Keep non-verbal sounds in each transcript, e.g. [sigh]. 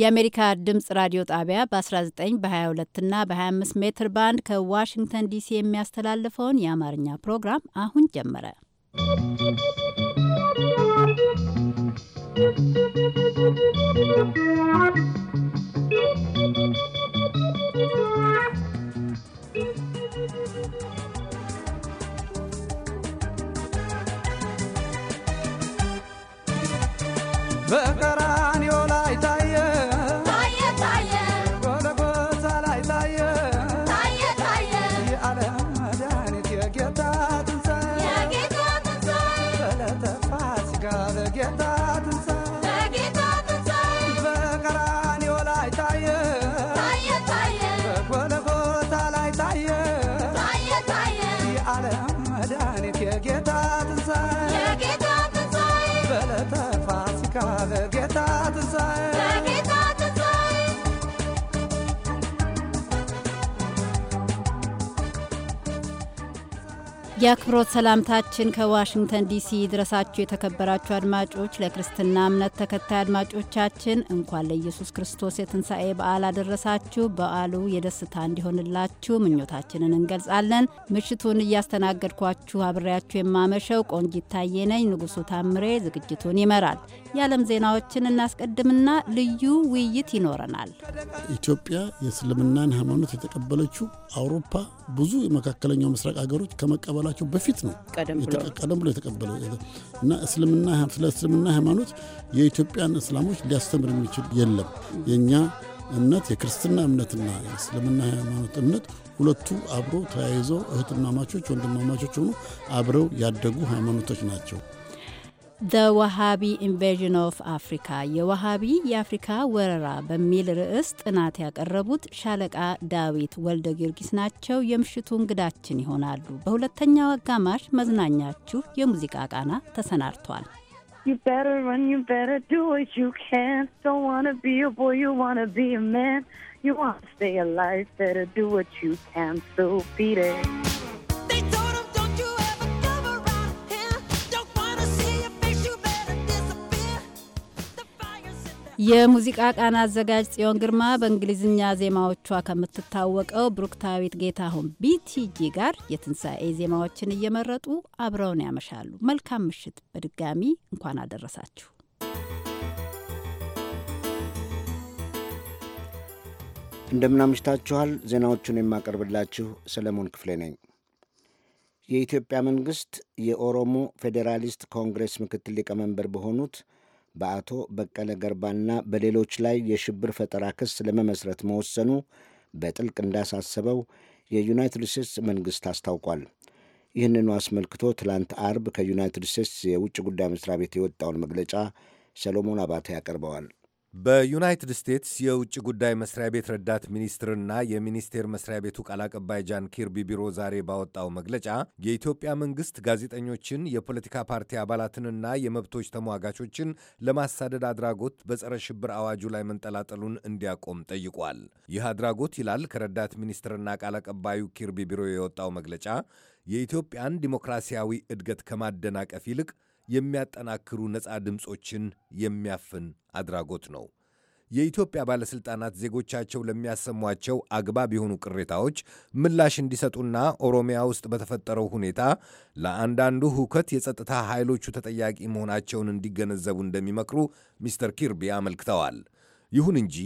የአሜሪካ ድምፅ ራዲዮ ጣቢያ በ19 በ22 እና በ25 ሜትር ባንድ ከዋሽንግተን ዲሲ የሚያስተላልፈውን የአማርኛ ፕሮግራም አሁን ጀመረ። ¶¶ በቀራ yeah የአክብሮት ሰላምታችን ከዋሽንግተን ዲሲ ድረሳችሁ የተከበራችሁ አድማጮች፣ ለክርስትና እምነት ተከታይ አድማጮቻችን እንኳን ለኢየሱስ ክርስቶስ የትንሣኤ በዓል አደረሳችሁ። በዓሉ የደስታ እንዲሆንላችሁ ምኞታችንን እንገልጻለን። ምሽቱን እያስተናገድኳችሁ አብሬያችሁ የማመሸው ቆንጂት ታዬ ነኝ። ንጉሱ ታምሬ ዝግጅቱን ይመራል። የዓለም ዜናዎችን እናስቀድምና ልዩ ውይይት ይኖረናል። ኢትዮጵያ የእስልምናን ሃይማኖት የተቀበለችው አውሮፓ ብዙ የመካከለኛው ምስራቅ ሀገሮች ከመቀበላቸው በፊት ነው ቀደም ብሎ የተቀበለው እና እስልምና ስለ እስልምና ሃይማኖት የኢትዮጵያን እስላሞች ሊያስተምር የሚችል የለም። የእኛ እምነት የክርስትና እምነትና የእስልምና ሃይማኖት እምነት ሁለቱ አብሮ ተያይዘው እህትማማቾች፣ ወንድማማቾች ሆኑ አብረው ያደጉ ሃይማኖቶች ናቸው። ዘ ዋሃቢ ኢንቬዥን ኦፍ አፍሪካ የዋሃቢ የአፍሪካ ወረራ በሚል ርዕስ ጥናት ያቀረቡት ሻለቃ ዳዊት ወልደ ጊዮርጊስ ናቸው። የምሽቱ እንግዳችን ይሆናሉ። በሁለተኛው አጋማሽ መዝናኛችሁ የሙዚቃ ቃና ተሰናድቷል። You better run, you better do what you can. Don't want to be a boy, you want to be a man. You want to stay alive, better do what you can, so beat it. የሙዚቃ ቃና አዘጋጅ ጽዮን ግርማ በእንግሊዝኛ ዜማዎቿ ከምትታወቀው ብሩክታዊት ጌታሁን ቢቲጂ ጋር የትንሣኤ ዜማዎችን እየመረጡ አብረውን ያመሻሉ። መልካም ምሽት። በድጋሚ እንኳን አደረሳችሁ። እንደምናምሽታችኋል። ዜናዎቹን የማቀርብላችሁ ሰለሞን ክፍሌ ነኝ። የኢትዮጵያ መንግሥት የኦሮሞ ፌዴራሊስት ኮንግሬስ ምክትል ሊቀመንበር በሆኑት በአቶ በቀለ ገርባና በሌሎች ላይ የሽብር ፈጠራ ክስ ለመመስረት መወሰኑ በጥልቅ እንዳሳሰበው የዩናይትድ ስቴትስ መንግሥት አስታውቋል። ይህንኑ አስመልክቶ ትላንት አርብ ከዩናይትድ ስቴትስ የውጭ ጉዳይ መስሪያ ቤት የወጣውን መግለጫ ሰሎሞን አባተ ያቀርበዋል። በዩናይትድ ስቴትስ የውጭ ጉዳይ መስሪያ ቤት ረዳት ሚኒስትርና የሚኒስቴር መስሪያ ቤቱ ቃል አቀባይ ጃን ኪርቢ ቢሮ ዛሬ ባወጣው መግለጫ የኢትዮጵያ መንግስት ጋዜጠኞችን፣ የፖለቲካ ፓርቲ አባላትንና የመብቶች ተሟጋቾችን ለማሳደድ አድራጎት በጸረ ሽብር አዋጁ ላይ መንጠላጠሉን እንዲያቆም ጠይቋል። ይህ አድራጎት ይላል ከረዳት ሚኒስትርና ቃል አቀባዩ ኪርቢ ቢሮ የወጣው መግለጫ የኢትዮጵያን ዲሞክራሲያዊ እድገት ከማደናቀፍ ይልቅ የሚያጠናክሩ ነፃ ድምፆችን የሚያፍን አድራጎት ነው። የኢትዮጵያ ባለሥልጣናት ዜጎቻቸው ለሚያሰሟቸው አግባብ የሆኑ ቅሬታዎች ምላሽ እንዲሰጡና ኦሮሚያ ውስጥ በተፈጠረው ሁኔታ ለአንዳንዱ ሁከት የጸጥታ ኃይሎቹ ተጠያቂ መሆናቸውን እንዲገነዘቡ እንደሚመክሩ ሚስተር ኪርቢ አመልክተዋል። ይሁን እንጂ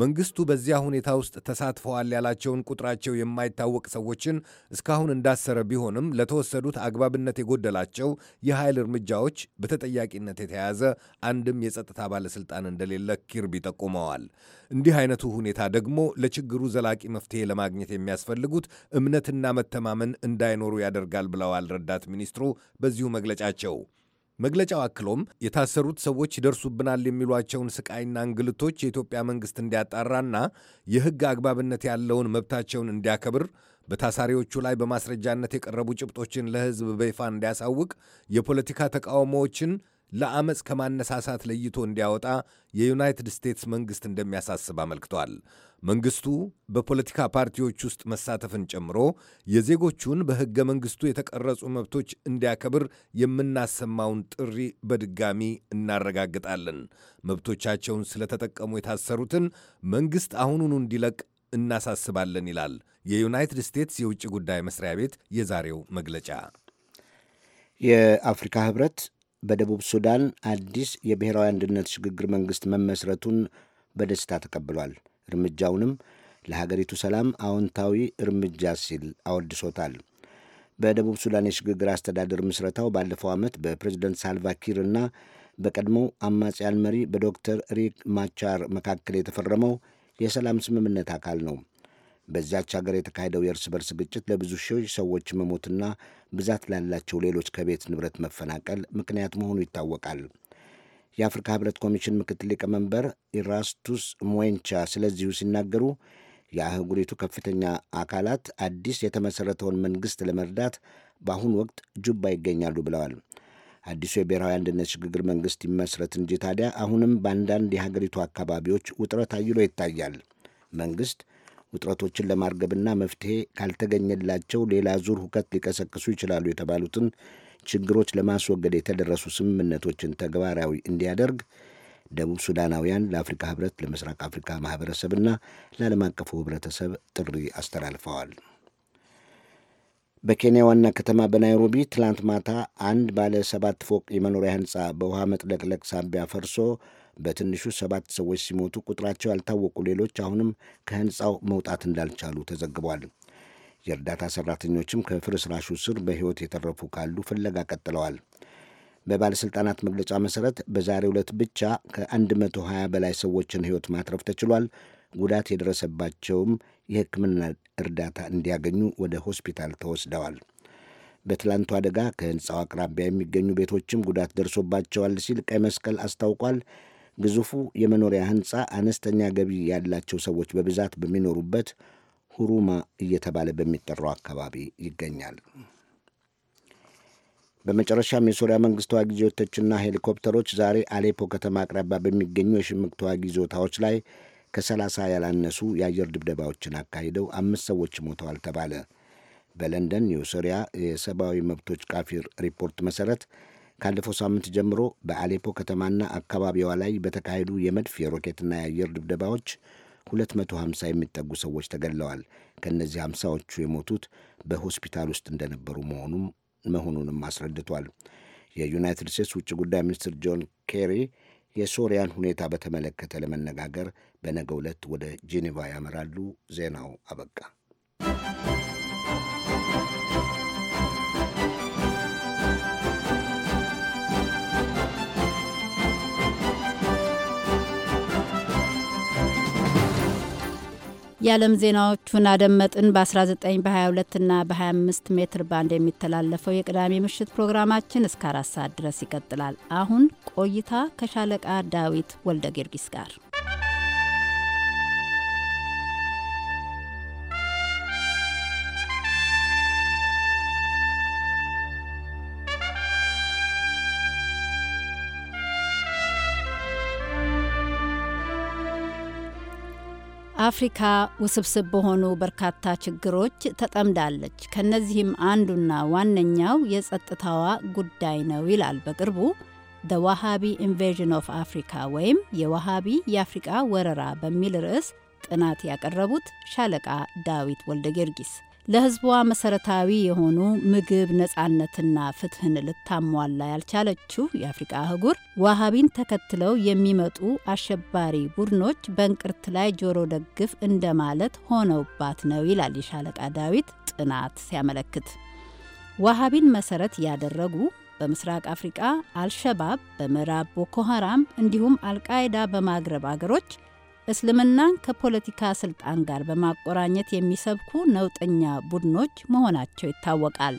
መንግስቱ በዚያ ሁኔታ ውስጥ ተሳትፈዋል ያላቸውን ቁጥራቸው የማይታወቅ ሰዎችን እስካሁን እንዳሰረ ቢሆንም ለተወሰዱት አግባብነት የጎደላቸው የኃይል እርምጃዎች በተጠያቂነት የተያዘ አንድም የጸጥታ ባለሥልጣን እንደሌለ ኪርቢ ጠቁመዋል። እንዲህ አይነቱ ሁኔታ ደግሞ ለችግሩ ዘላቂ መፍትሄ ለማግኘት የሚያስፈልጉት እምነትና መተማመን እንዳይኖሩ ያደርጋል ብለዋል ረዳት ሚኒስትሩ በዚሁ መግለጫቸው። መግለጫው አክሎም የታሰሩት ሰዎች ይደርሱብናል የሚሏቸውን ስቃይና እንግልቶች የኢትዮጵያ መንግሥት እንዲያጣራና የሕግ አግባብነት ያለውን መብታቸውን እንዲያከብር በታሳሪዎቹ ላይ በማስረጃነት የቀረቡ ጭብጦችን ለሕዝብ በይፋ እንዲያሳውቅ የፖለቲካ ተቃውሞዎችን ለአመፅ ከማነሳሳት ለይቶ እንዲያወጣ የዩናይትድ ስቴትስ መንግሥት እንደሚያሳስብ አመልክቷል። መንግሥቱ በፖለቲካ ፓርቲዎች ውስጥ መሳተፍን ጨምሮ የዜጎቹን በሕገ መንግሥቱ የተቀረጹ መብቶች እንዲያከብር የምናሰማውን ጥሪ በድጋሚ እናረጋግጣለን። መብቶቻቸውን ስለተጠቀሙ የታሰሩትን መንግሥት አሁኑኑ እንዲለቅ እናሳስባለን ይላል የዩናይትድ ስቴትስ የውጭ ጉዳይ መስሪያ ቤት የዛሬው መግለጫ። የአፍሪካ ህብረት በደቡብ ሱዳን አዲስ የብሔራዊ አንድነት ሽግግር መንግሥት መመስረቱን በደስታ ተቀብሏል። እርምጃውንም ለሀገሪቱ ሰላም አዎንታዊ እርምጃ ሲል አወድሶታል። በደቡብ ሱዳን የሽግግር አስተዳደር ምስረታው ባለፈው ዓመት በፕሬዚደንት ሳልቫኪር እና በቀድሞው አማጽያን መሪ በዶክተር ሪክ ማቻር መካከል የተፈረመው የሰላም ስምምነት አካል ነው። በዚያች ሀገር የተካሄደው የእርስ በርስ ግጭት ለብዙ ሺዎች ሰዎች መሞትና ብዛት ላላቸው ሌሎች ከቤት ንብረት መፈናቀል ምክንያት መሆኑ ይታወቃል። የአፍሪካ ህብረት ኮሚሽን ምክትል ሊቀመንበር ኢራስቱስ ሞንቻ ስለዚሁ ሲናገሩ የአህጉሪቱ ከፍተኛ አካላት አዲስ የተመሠረተውን መንግሥት ለመርዳት በአሁኑ ወቅት ጁባ ይገኛሉ ብለዋል። አዲሱ የብሔራዊ አንድነት ሽግግር መንግሥት ይመስረት እንጂ ታዲያ አሁንም በአንዳንድ የሀገሪቱ አካባቢዎች ውጥረት አይሎ ይታያል። መንግሥት ውጥረቶችን ለማርገብና መፍትሄ ካልተገኘላቸው ሌላ ዙር ሁከት ሊቀሰቅሱ ይችላሉ የተባሉትን ችግሮች ለማስወገድ የተደረሱ ስምምነቶችን ተግባራዊ እንዲያደርግ ደቡብ ሱዳናውያን ለአፍሪካ ህብረት፣ ለምስራቅ አፍሪካ ማህበረሰብና ለዓለም አቀፉ ህብረተሰብ ጥሪ አስተላልፈዋል። በኬንያ ዋና ከተማ በናይሮቢ ትላንት ማታ አንድ ባለ ሰባት ፎቅ የመኖሪያ ህንፃ በውሃ መጥለቅለቅ ሳቢያ ፈርሶ በትንሹ ሰባት ሰዎች ሲሞቱ ቁጥራቸው ያልታወቁ ሌሎች አሁንም ከህንፃው መውጣት እንዳልቻሉ ተዘግቧል። የእርዳታ ሰራተኞችም ከፍርስራሹ ስር በሕይወት የተረፉ ካሉ ፍለጋ ቀጥለዋል። በባለሥልጣናት መግለጫ መሠረት በዛሬ ዕለት ብቻ ከ120 በላይ ሰዎችን ሕይወት ማትረፍ ተችሏል። ጉዳት የደረሰባቸውም የሕክምና እርዳታ እንዲያገኙ ወደ ሆስፒታል ተወስደዋል። በትላንቱ አደጋ ከህንፃው አቅራቢያ የሚገኙ ቤቶችም ጉዳት ደርሶባቸዋል ሲል ቀይ መስቀል አስታውቋል። ግዙፉ የመኖሪያ ሕንፃ አነስተኛ ገቢ ያላቸው ሰዎች በብዛት በሚኖሩበት ሁሩማ እየተባለ በሚጠራው አካባቢ ይገኛል። በመጨረሻም የሶሪያ መንግሥት ተዋጊ ጄቶችና ሄሊኮፕተሮች ዛሬ አሌፖ ከተማ አቅራቢያ በሚገኙ የሽምቅ ተዋጊ ይዞታዎች ላይ ከሰላሳ ያላነሱ የአየር ድብደባዎችን አካሂደው አምስት ሰዎች ሞተዋል ተባለ። በለንደን የሶሪያ የሰብአዊ መብቶች ቃፊር ሪፖርት መሠረት ካለፈው ሳምንት ጀምሮ በአሌፖ ከተማና አካባቢዋ ላይ በተካሄዱ የመድፍ የሮኬትና የአየር ድብደባዎች 250 የሚጠጉ ሰዎች ተገድለዋል። ከእነዚህ 50ዎቹ የሞቱት በሆስፒታል ውስጥ እንደነበሩ መሆኑም መሆኑንም አስረድቷል። የዩናይትድ ስቴትስ ውጭ ጉዳይ ሚኒስትር ጆን ኬሪ የሶሪያን ሁኔታ በተመለከተ ለመነጋገር በነገ ዕለት ወደ ጄኔቫ ያመራሉ። ዜናው አበቃ። የዓለም ዜናዎቹን አደመጥን። በ19 በ22 እና በ25 ሜትር ባንድ የሚተላለፈው የቅዳሜ ምሽት ፕሮግራማችን እስከ አራት ሰዓት ድረስ ይቀጥላል። አሁን ቆይታ ከሻለቃ ዳዊት ወልደ ጊዮርጊስ ጋር አፍሪካ ውስብስብ በሆኑ በርካታ ችግሮች ተጠምዳለች። ከነዚህም አንዱና ዋነኛው የጸጥታዋ ጉዳይ ነው ይላል በቅርቡ ደ ዋሃቢ ኢንቬዥን ኦፍ አፍሪካ ወይም የዋሃቢ የአፍሪቃ ወረራ በሚል ርዕስ ጥናት ያቀረቡት ሻለቃ ዳዊት ወልደ ጊዮርጊስ። ለህዝቧ መሰረታዊ የሆኑ ምግብ ነጻነትና ፍትህን ልታሟላ ያልቻለችው የአፍሪቃ አህጉር ዋሃቢን ተከትለው የሚመጡ አሸባሪ ቡድኖች በእንቅርት ላይ ጆሮ ደግፍ እንደማለት ሆነውባት ነው ይላል የሻለቃ ዳዊት ጥናት ሲያመለክት። ዋሃቢን መሰረት ያደረጉ በምስራቅ አፍሪቃ አልሸባብ፣ በምዕራብ ቦኮ ሀራም እንዲሁም አልቃይዳ በማግረብ አገሮች እስልምናን ከፖለቲካ ስልጣን ጋር በማቆራኘት የሚሰብኩ ነውጠኛ ቡድኖች መሆናቸው ይታወቃል።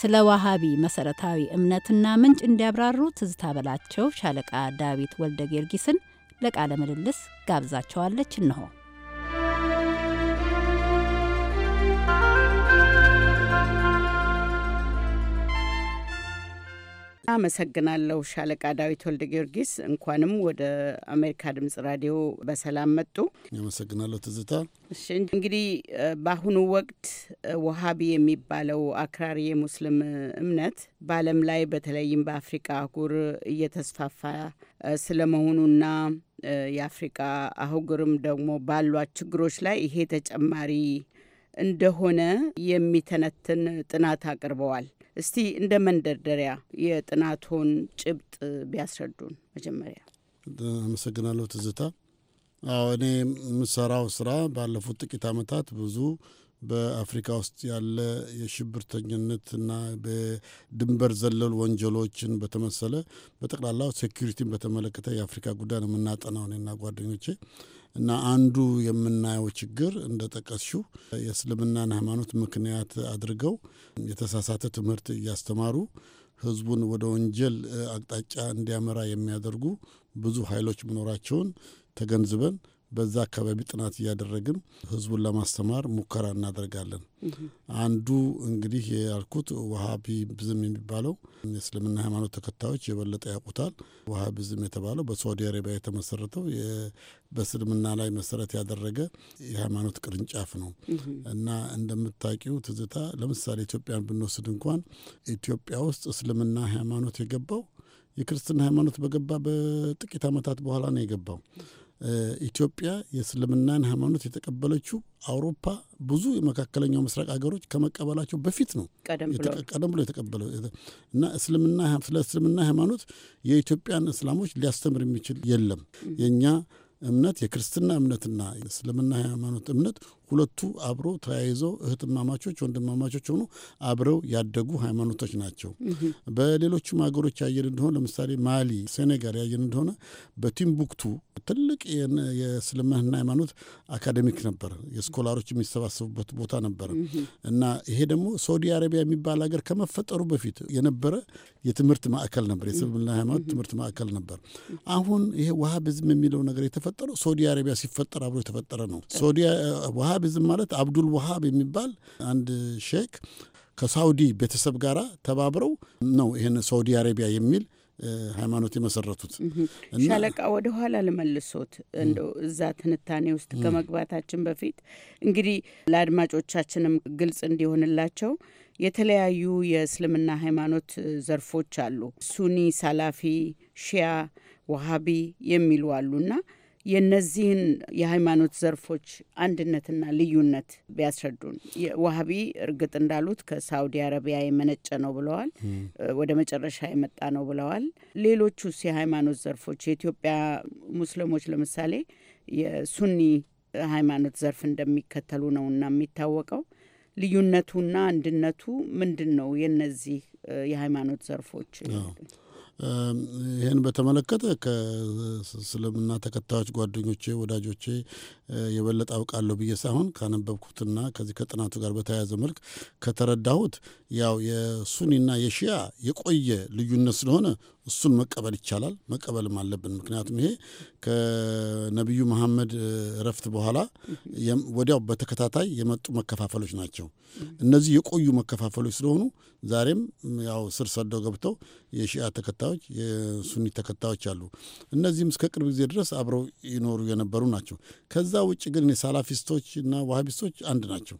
ስለ ዋሃቢ መሰረታዊ እምነትና ምንጭ እንዲያብራሩ ትዝታ በላቸው ሻለቃ ዳዊት ወልደ ጊዮርጊስን ለቃለ ምልልስ ጋብዛቸዋለች። እንሆ አመሰግናለሁ ሻለቃ ዳዊት ወልደ ጊዮርጊስ። እንኳንም ወደ አሜሪካ ድምጽ ራዲዮ በሰላም መጡ። አመሰግናለሁ ትዝታ። እንግዲህ በአሁኑ ወቅት ወሃቢ የሚባለው አክራሪ የሙስሊም እምነት በዓለም ላይ በተለይም በአፍሪካ አህጉር እየተስፋፋ ስለመሆኑና የአፍሪካ አህጉርም ደግሞ ባሏት ችግሮች ላይ ይሄ ተጨማሪ እንደሆነ የሚተነትን ጥናት አቅርበዋል። እስቲ እንደ መንደርደሪያ የጥናቶን ጭብጥ ቢያስረዱን። መጀመሪያ አመሰግናለሁ ትዝታ። አዎ እኔ የምሰራው ስራ ባለፉት ጥቂት ዓመታት ብዙ በአፍሪካ ውስጥ ያለ የሽብርተኝነትና በድንበር ዘለል ወንጀሎችን በተመሰለ በጠቅላላው ሴኩሪቲን በተመለከተ የአፍሪካ ጉዳይ ነው የምናጠናው እኔና ጓደኞቼ። እና አንዱ የምናየው ችግር እንደጠቀስሽው የእስልምናን ሃይማኖት ምክንያት አድርገው የተሳሳተ ትምህርት እያስተማሩ ህዝቡን ወደ ወንጀል አቅጣጫ እንዲያመራ የሚያደርጉ ብዙ ኃይሎች መኖራቸውን ተገንዝበን በዛ አካባቢ ጥናት እያደረግን ህዝቡን ለማስተማር ሙከራ እናደርጋለን። አንዱ እንግዲህ ያልኩት ብዝም የሚባለው የእስልምና ሃይማኖት ተከታዮች የበለጠ ያውቁታል። ብዝም የተባለው በሳዑዲ አረቢያ የተመሰረተው በእስልምና ላይ መሰረት ያደረገ የሃይማኖት ቅርንጫፍ ነው እና እንደምታውቂው ትዝታ፣ ለምሳሌ ኢትዮጵያን ብንወስድ እንኳን ኢትዮጵያ ውስጥ እስልምና ሃይማኖት የገባው የክርስትና ሃይማኖት በገባ በጥቂት ዓመታት በኋላ ነው የገባው። ኢትዮጵያ የእስልምናን ሃይማኖት የተቀበለችው አውሮፓ ብዙ የመካከለኛው ምስራቅ ሀገሮች ከመቀበላቸው በፊት ነው። ቀደም ብሎ የተቀበለው እና እስልምና ስለ እስልምና ሃይማኖት የኢትዮጵያን እስላሞች ሊያስተምር የሚችል የለም። የእኛ እምነት የክርስትና እምነትና የእስልምና ሃይማኖት እምነት ሁለቱ አብሮ ተያይዘው እህትማማቾች ወንድማማቾች ሆኖ አብረው ያደጉ ሃይማኖቶች ናቸው። በሌሎችም ሀገሮች ያየን እንደሆነ ለምሳሌ ማሊ፣ ሴኔጋል ያየን እንደሆነ በቲምቡክቱ ትልቅ የእስልምና ሃይማኖት አካዴሚክ ነበር፣ የስኮላሮች የሚሰባሰቡበት ቦታ ነበር እና ይሄ ደግሞ ሳውዲ አረቢያ የሚባል ሀገር ከመፈጠሩ በፊት የነበረ የትምህርት ማዕከል ነበር፣ የእስልምና ሃይማኖት ትምህርት ማዕከል ነበር። አሁን ይሄ ብዝም የሚለው ነገር የተፈጠረው ሳውዲ አረቢያ ሲፈጠር አብሮ የተፈጠረ ነው። ዋሃቢዝም ማለት አብዱል ወሃብ የሚባል አንድ ሼክ ከሳውዲ ቤተሰብ ጋር ተባብረው ነው ይህን ሳውዲ አረቢያ የሚል ሃይማኖት የመሰረቱት። ሻለቃ ወደ ኋላ ልመልሶት እዛ ትንታኔ ውስጥ ከመግባታችን በፊት እንግዲህ ለአድማጮቻችንም ግልጽ እንዲሆንላቸው የተለያዩ የእስልምና ሃይማኖት ዘርፎች አሉ። ሱኒ፣ ሳላፊ፣ ሺያ፣ ዋሃቢ የሚሉ አሉና የነዚህን የሃይማኖት ዘርፎች አንድነትና ልዩነት ቢያስረዱን። ዋሀቢ እርግጥ እንዳሉት ከሳውዲ አረቢያ የመነጨ ነው ብለዋል። ወደ መጨረሻ የመጣ ነው ብለዋል። ሌሎቹስ የሃይማኖት ዘርፎች የኢትዮጵያ ሙስሊሞች ለምሳሌ የሱኒ ሃይማኖት ዘርፍ እንደሚከተሉ ነውና የሚታወቀው ልዩነቱና አንድነቱ ምንድን ነው? የነዚህ የሃይማኖት ዘርፎች ይህን በተመለከተ ከእስልምና ተከታዮች ጓደኞቼ፣ ወዳጆቼ የበለጠ አውቃለሁ ብዬ ሳይሆን ካነበብኩትና ከዚህ ከጥናቱ ጋር በተያያዘ መልክ ከተረዳሁት ያው የሱኒና የሺያ የቆየ ልዩነት ስለሆነ እሱን መቀበል ይቻላል፣ መቀበልም አለብን። ምክንያቱም ይሄ ከነቢዩ መሐመድ እረፍት በኋላ ወዲያው በተከታታይ የመጡ መከፋፈሎች ናቸው። እነዚህ የቆዩ መከፋፈሎች ስለሆኑ ዛሬም ያው ስር ሰደው ገብተው የሺያ ተከታዮች፣ የሱኒ ተከታዮች አሉ። እነዚህም እስከ ቅርብ ጊዜ ድረስ አብረው ይኖሩ የነበሩ ናቸው። ከዛ ውጭ ግን ሳላፊስቶች እና ዋሃቢስቶች አንድ ናቸው።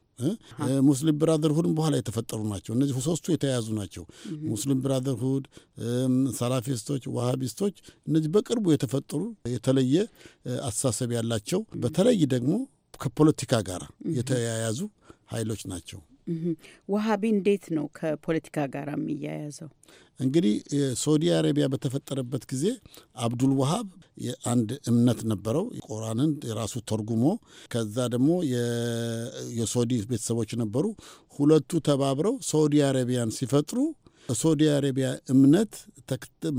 ሙስሊም ብራዘርሁድም በኋላ የተፈጠሩ ናቸው። እነዚህ ሶስቱ የተያያዙ ናቸው። ሙስሊም ብራዘርሁድ፣ ሳላፊስቶች፣ ዋሃቢስቶች እነዚህ በቅርቡ የተፈጠሩ የተለየ አስተሳሰብ ያላቸው በተለይ ደግሞ ከፖለቲካ ጋር የተያያዙ ኃይሎች ናቸው። ውሃቢ እንዴት ነው ከፖለቲካ ጋር የሚያያዘው? እንግዲህ ሳውዲ አረቢያ በተፈጠረበት ጊዜ አብዱል ወሃብ አንድ እምነት ነበረው። ቁርአንን የራሱ ተርጉሞ ከዛ ደግሞ የሳውዲ ቤተሰቦች ነበሩ። ሁለቱ ተባብረው ሳውዲ አረቢያን ሲፈጥሩ ሳውዲ አረቢያ እምነት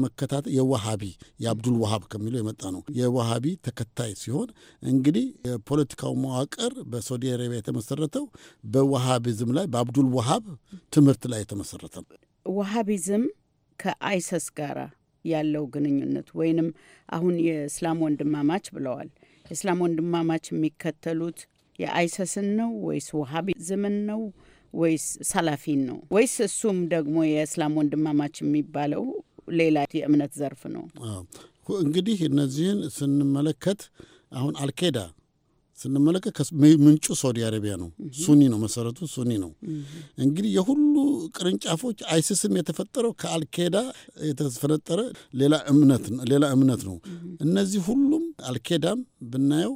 መከታተል የዋሃቢ የአብዱል ውሃብ ከሚለው የመጣ ነው። የዋሃቢ ተከታይ ሲሆን እንግዲህ የፖለቲካው መዋቅር በሳውዲ አረቢያ የተመሰረተው በዋሃቢዝም ላይ በአብዱል ውሃብ ትምህርት ላይ የተመሰረተ ነው። ዋሃቢዝም ከአይሰስ ጋር ያለው ግንኙነት ወይንም አሁን የእስላም ወንድማማች ብለዋል። የእስላም ወንድማማች የሚከተሉት የአይሰስን ነው ወይስ ዝምን ነው ወይስ ሰላፊን ነው ወይስ እሱም ደግሞ የእስላም ወንድማማች የሚባለው ሌላ የእምነት ዘርፍ ነው? እንግዲህ እነዚህን ስንመለከት አሁን አልኬዳ ስንመለከት ምንጩ ሳውዲ አረቢያ ነው። ሱኒ ነው መሰረቱ፣ ሱኒ ነው። እንግዲህ የሁሉ ቅርንጫፎች አይሲስም የተፈጠረው ከአልኬዳ የተፈነጠረ ሌላ እምነት ሌላ እምነት ነው። እነዚህ ሁሉም አልኬዳም ብናየው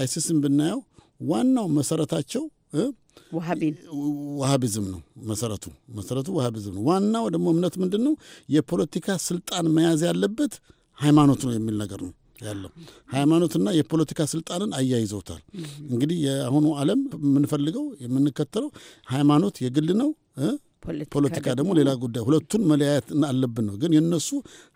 አይሲስም ብናየው ዋናው መሰረታቸው ዋሃቢዝም ነው መሰረቱ መሰረቱ ዋሃቢዝም ነው። ዋናው ደግሞ እምነት ምንድን ነው? የፖለቲካ ስልጣን መያዝ ያለበት ሃይማኖት ነው የሚል ነገር ነው። ያለው ሃይማኖትና የፖለቲካ ስልጣንን አያይዘውታል። እንግዲህ የአሁኑ ዓለም የምንፈልገው የምንከተለው ሃይማኖት የግል ነው፣ ፖለቲካ ደግሞ ሌላ ጉዳይ። ሁለቱን መለያየት አለብን ነው። ግን የነሱ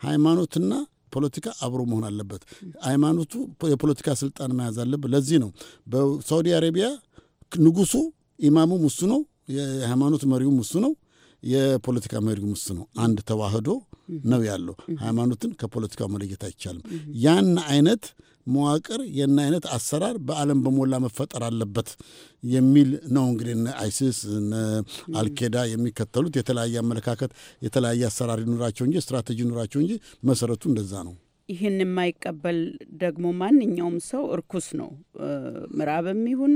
ሃይማኖትና ፖለቲካ አብሮ መሆን አለበት። ሃይማኖቱ የፖለቲካ ስልጣን መያዝ አለበት። ለዚህ ነው በሳውዲ አረቢያ ንጉሱ ኢማሙ ሙሱ ነው፣ የሃይማኖት መሪው ሙሱ ነው፣ የፖለቲካ መሪው ሙሱ ነው። አንድ ተዋህዶ ነው ያለው። ሃይማኖትን ከፖለቲካው መለየት አይቻልም። ያን አይነት መዋቅር የና አይነት አሰራር በዓለም በሞላ መፈጠር አለበት የሚል ነው። እንግዲህ እነ አይሲስ እነ አልኬዳ የሚከተሉት የተለያየ አመለካከት የተለያየ አሰራር ይኑራቸው እንጂ ስትራቴጂ ይኑራቸው እንጂ መሰረቱ እንደዛ ነው። ይህን የማይቀበል ደግሞ ማንኛውም ሰው እርኩስ ነው። ምዕራብም ይሁን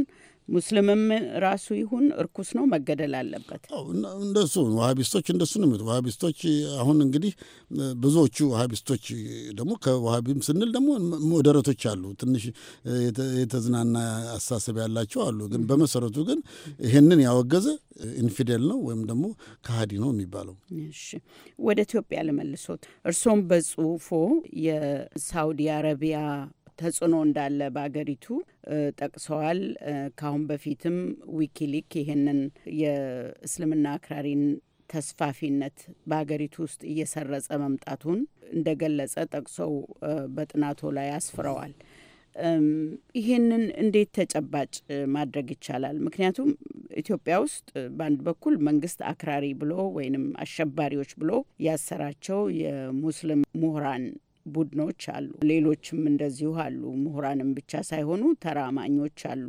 ሙስልምም ራሱ ይሁን እርኩስ ነው፣ መገደል አለበት። እንደሱ ዋሃቢስቶች እንደሱ ነው የሚሉት ዋሃቢስቶች። አሁን እንግዲህ ብዙዎቹ ዋሃቢስቶች ደግሞ ከዋሃቢም ስንል ደግሞ ሞደረቶች አሉ፣ ትንሽ የተዝናና አስተሳሰብ ያላቸው አሉ። ግን በመሰረቱ ግን ይህንን ያወገዘ ኢንፊደል ነው ወይም ደግሞ ከሃዲ ነው የሚባለው። እሺ ወደ ኢትዮጵያ ልመልሶት። እርሶም በጽሁፎ የሳውዲ አረቢያ ተጽዕኖ እንዳለ በአገሪቱ ጠቅሰዋል። ካሁን በፊትም ዊኪሊክ ይህንን የእስልምና አክራሪን ተስፋፊነት በሀገሪቱ ውስጥ እየሰረጸ መምጣቱን እንደገለጸ ጠቅሰው በጥናቶ ላይ አስፍረዋል። ይህንን እንዴት ተጨባጭ ማድረግ ይቻላል? ምክንያቱም ኢትዮጵያ ውስጥ በአንድ በኩል መንግስት አክራሪ ብሎ ወይንም አሸባሪዎች ብሎ ያሰራቸው የሙስሊም ምሁራን ቡድኖች አሉ። ሌሎችም እንደዚሁ አሉ። ምሁራንም ብቻ ሳይሆኑ ተራማኞች አሉ።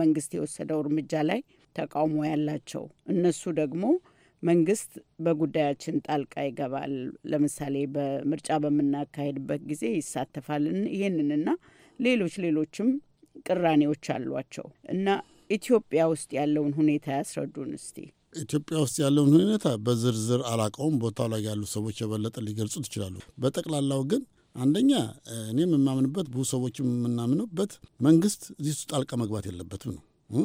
መንግስት የወሰደው እርምጃ ላይ ተቃውሞ ያላቸው እነሱ ደግሞ መንግስት በጉዳያችን ጣልቃ ይገባል፣ ለምሳሌ በምርጫ በምናካሄድበት ጊዜ ይሳተፋል። ይህንንና ሌሎች ሌሎችም ቅራኔዎች አሏቸው እና ኢትዮጵያ ውስጥ ያለውን ሁኔታ ያስረዱን እስቲ። ኢትዮጵያ ውስጥ ያለውን ሁኔታ በዝርዝር አላቀውም። ቦታው ላይ ያሉ ሰዎች የበለጠ ሊገልጹት ይችላሉ። በጠቅላላው ግን አንደኛ እኔም የማምንበት ብዙ ሰዎች የምናምንበት መንግስት እዚህ ውስጥ ጣልቃ መግባት የለበትም ነው።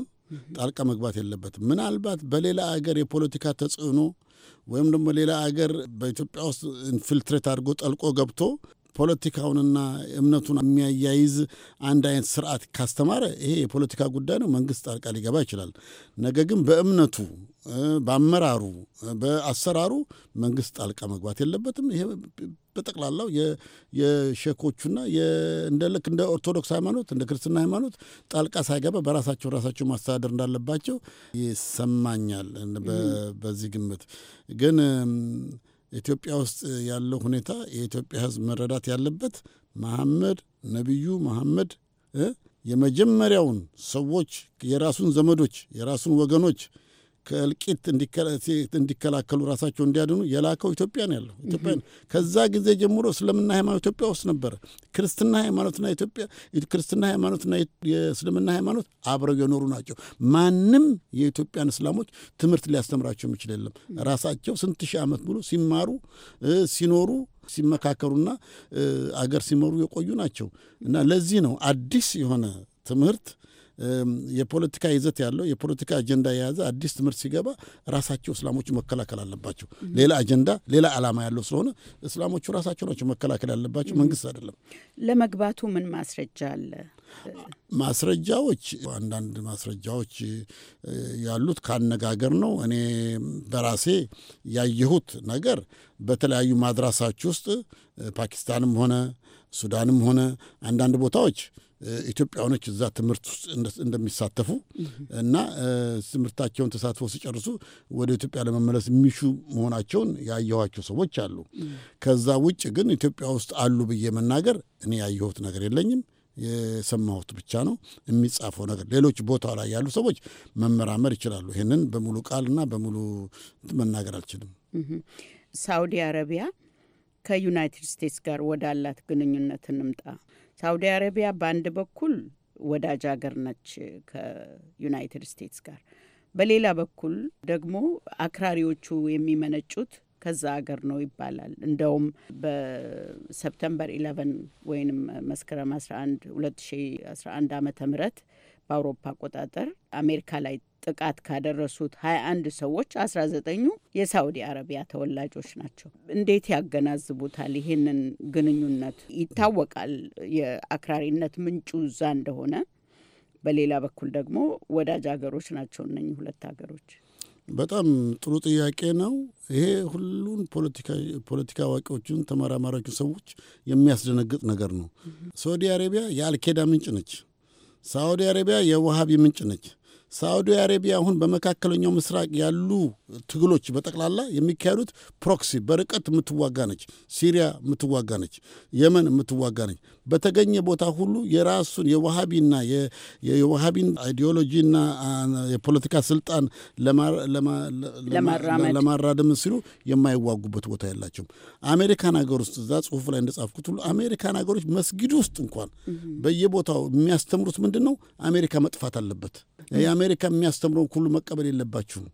ጣልቃ መግባት የለበትም። ምናልባት በሌላ አገር የፖለቲካ ተጽዕኖ ወይም ደግሞ ሌላ አገር በኢትዮጵያ ውስጥ ኢንፊልትሬት አድርጎ ጠልቆ ገብቶ ፖለቲካውንና እምነቱን የሚያያይዝ አንድ አይነት ስርዓት ካስተማረ ይሄ የፖለቲካ ጉዳይ ነው። መንግስት ጣልቃ ሊገባ ይችላል። ነገር ግን በእምነቱ፣ በአመራሩ፣ በአሰራሩ መንግስት ጣልቃ መግባት የለበትም። ይሄ በጠቅላላው የሼኮቹና እንደ ልክ እንደ ኦርቶዶክስ ሃይማኖት እንደ ክርስትና ሃይማኖት ጣልቃ ሳይገባ በራሳቸው ራሳቸው ማስተዳደር እንዳለባቸው ይሰማኛል። በዚህ ግምት ግን ኢትዮጵያ ውስጥ ያለው ሁኔታ የኢትዮጵያ ሕዝብ መረዳት ያለበት መሐመድ ነቢዩ መሐመድ የመጀመሪያውን ሰዎች የራሱን ዘመዶች የራሱን ወገኖች ከእልቂት እንዲከላከሉ ራሳቸው እንዲያድኑ የላከው ኢትዮጵያ ነው ያለው ኢትዮጵያ ከዛ ጊዜ ጀምሮ እስልምና ሃይማኖት ኢትዮጵያ ውስጥ ነበረ። ክርስትና ሃይማኖትና ኢትዮጵያ ክርስትና ሃይማኖትና የእስልምና ሃይማኖት አብረው የኖሩ ናቸው። ማንም የኢትዮጵያን እስላሞች ትምህርት ሊያስተምራቸው የሚችል የለም። ራሳቸው ስንት ሺህ ዓመት ብሎ ሲማሩ ሲኖሩ ሲመካከሩና አገር ሲመሩ የቆዩ ናቸው እና ለዚህ ነው አዲስ የሆነ ትምህርት የፖለቲካ ይዘት ያለው የፖለቲካ አጀንዳ የያዘ አዲስ ትምህርት ሲገባ ራሳቸው እስላሞቹ መከላከል አለባቸው። ሌላ አጀንዳ፣ ሌላ ዓላማ ያለው ስለሆነ እስላሞቹ ራሳቸው ናቸው መከላከል ያለባቸው፣ መንግስት አይደለም። ለመግባቱ ምን ማስረጃ አለ? ማስረጃዎች አንዳንድ ማስረጃዎች ያሉት ካነጋገር ነው። እኔ በራሴ ያየሁት ነገር በተለያዩ ማድራሳች ውስጥ ፓኪስታንም ሆነ ሱዳንም ሆነ አንዳንድ ቦታዎች ኢትዮጵያኖች እዛ ትምህርት ውስጥ እንደሚሳተፉ እና ትምህርታቸውን ተሳትፎ ሲጨርሱ ወደ ኢትዮጵያ ለመመለስ የሚሹ መሆናቸውን ያየኋቸው ሰዎች አሉ። ከዛ ውጭ ግን ኢትዮጵያ ውስጥ አሉ ብዬ መናገር እኔ ያየሁት ነገር የለኝም። የሰማሁት ብቻ ነው የሚጻፈው ነገር። ሌሎች ቦታ ላይ ያሉ ሰዎች መመራመር ይችላሉ። ይህንን በሙሉ ቃል እና በሙሉ መናገር አልችልም። ሳውዲ አረቢያ ከዩናይትድ ስቴትስ ጋር ወዳላት ግንኙነት እንምጣ። ሳውዲ አረቢያ በአንድ በኩል ወዳጅ ሀገር ነች ከዩናይትድ ስቴትስ ጋር፣ በሌላ በኩል ደግሞ አክራሪዎቹ የሚመነጩት ከዛ ሀገር ነው ይባላል። እንደውም በሰፕተምበር 11 ወይም መስከረም 11 2011 ዓ ም በአውሮፓ አቆጣጠር አሜሪካ ላይ ጥቃት ካደረሱት 21 ሰዎች 19ኙ የሳውዲ አረቢያ ተወላጆች ናቸው። እንዴት ያገናዝቡታል? ይህንን ግንኙነት ይታወቃል፣ የአክራሪነት ምንጩ እዛ እንደሆነ። በሌላ በኩል ደግሞ ወዳጅ ሀገሮች ናቸው እነኚህ ሁለት ሀገሮች። በጣም ጥሩ ጥያቄ ነው። ይሄ ሁሉን ፖለቲካ አዋቂዎችን፣ ተመራማሪዎችን፣ ሰዎች የሚያስደነግጥ ነገር ነው። ሳዲ አረቢያ የአልኬዳ ምንጭ ነች። ሳውዲ አረቢያ የወሃቢ ምንጭ ነች። ሳዑዲ አረቢያ አሁን በመካከለኛው ምስራቅ ያሉ ትግሎች በጠቅላላ የሚካሄዱት ፕሮክሲ በርቀት የምትዋጋ ነች። ሲሪያ የምትዋጋ ነች። የመን የምትዋጋ ነች። በተገኘ ቦታ ሁሉ የራሱን የዋሃቢና የዋሃቢን አይዲዮሎጂና የፖለቲካ ስልጣን ለማራደም ሲሉ የማይዋጉበት ቦታ የላቸውም። አሜሪካን ሀገር ውስጥ እዛ ጽሁፍ ላይ እንደጻፍኩት ሁሉ አሜሪካን ሀገሮች መስጊድ ውስጥ እንኳን በየቦታው የሚያስተምሩት ምንድን ነው? አሜሪካ መጥፋት አለበት፣ የአሜሪካ የሚያስተምረውን ሁሉ መቀበል የለባችሁም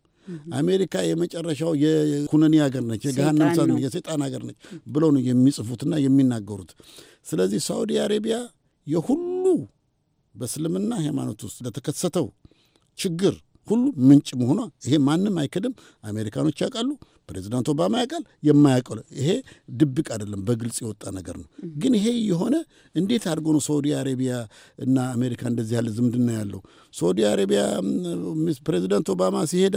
አሜሪካ የመጨረሻው የኩነኒ ሀገር ነች፣ የገሃነም ሳ የሰይጣን ሀገር ነች ብለው ነው የሚጽፉትና የሚናገሩት። ስለዚህ ሳውዲ አሬቢያ የሁሉ በእስልምና ሃይማኖት ውስጥ ለተከሰተው ችግር ሁሉ ምንጭ መሆኗ ይሄ ማንም አይክድም። አሜሪካኖች ያውቃሉ፣ ፕሬዚዳንት ኦባማ ያውቃል፣ የማያውቀው ይሄ ድብቅ አይደለም፣ በግልጽ የወጣ ነገር ነው። ግን ይሄ የሆነ እንዴት አድርጎ ነው ሳውዲ አረቢያ እና አሜሪካ እንደዚህ ያለ ዝምድና ያለው? ሳውዲ አረቢያ ፕሬዚዳንት ኦባማ ሲሄድ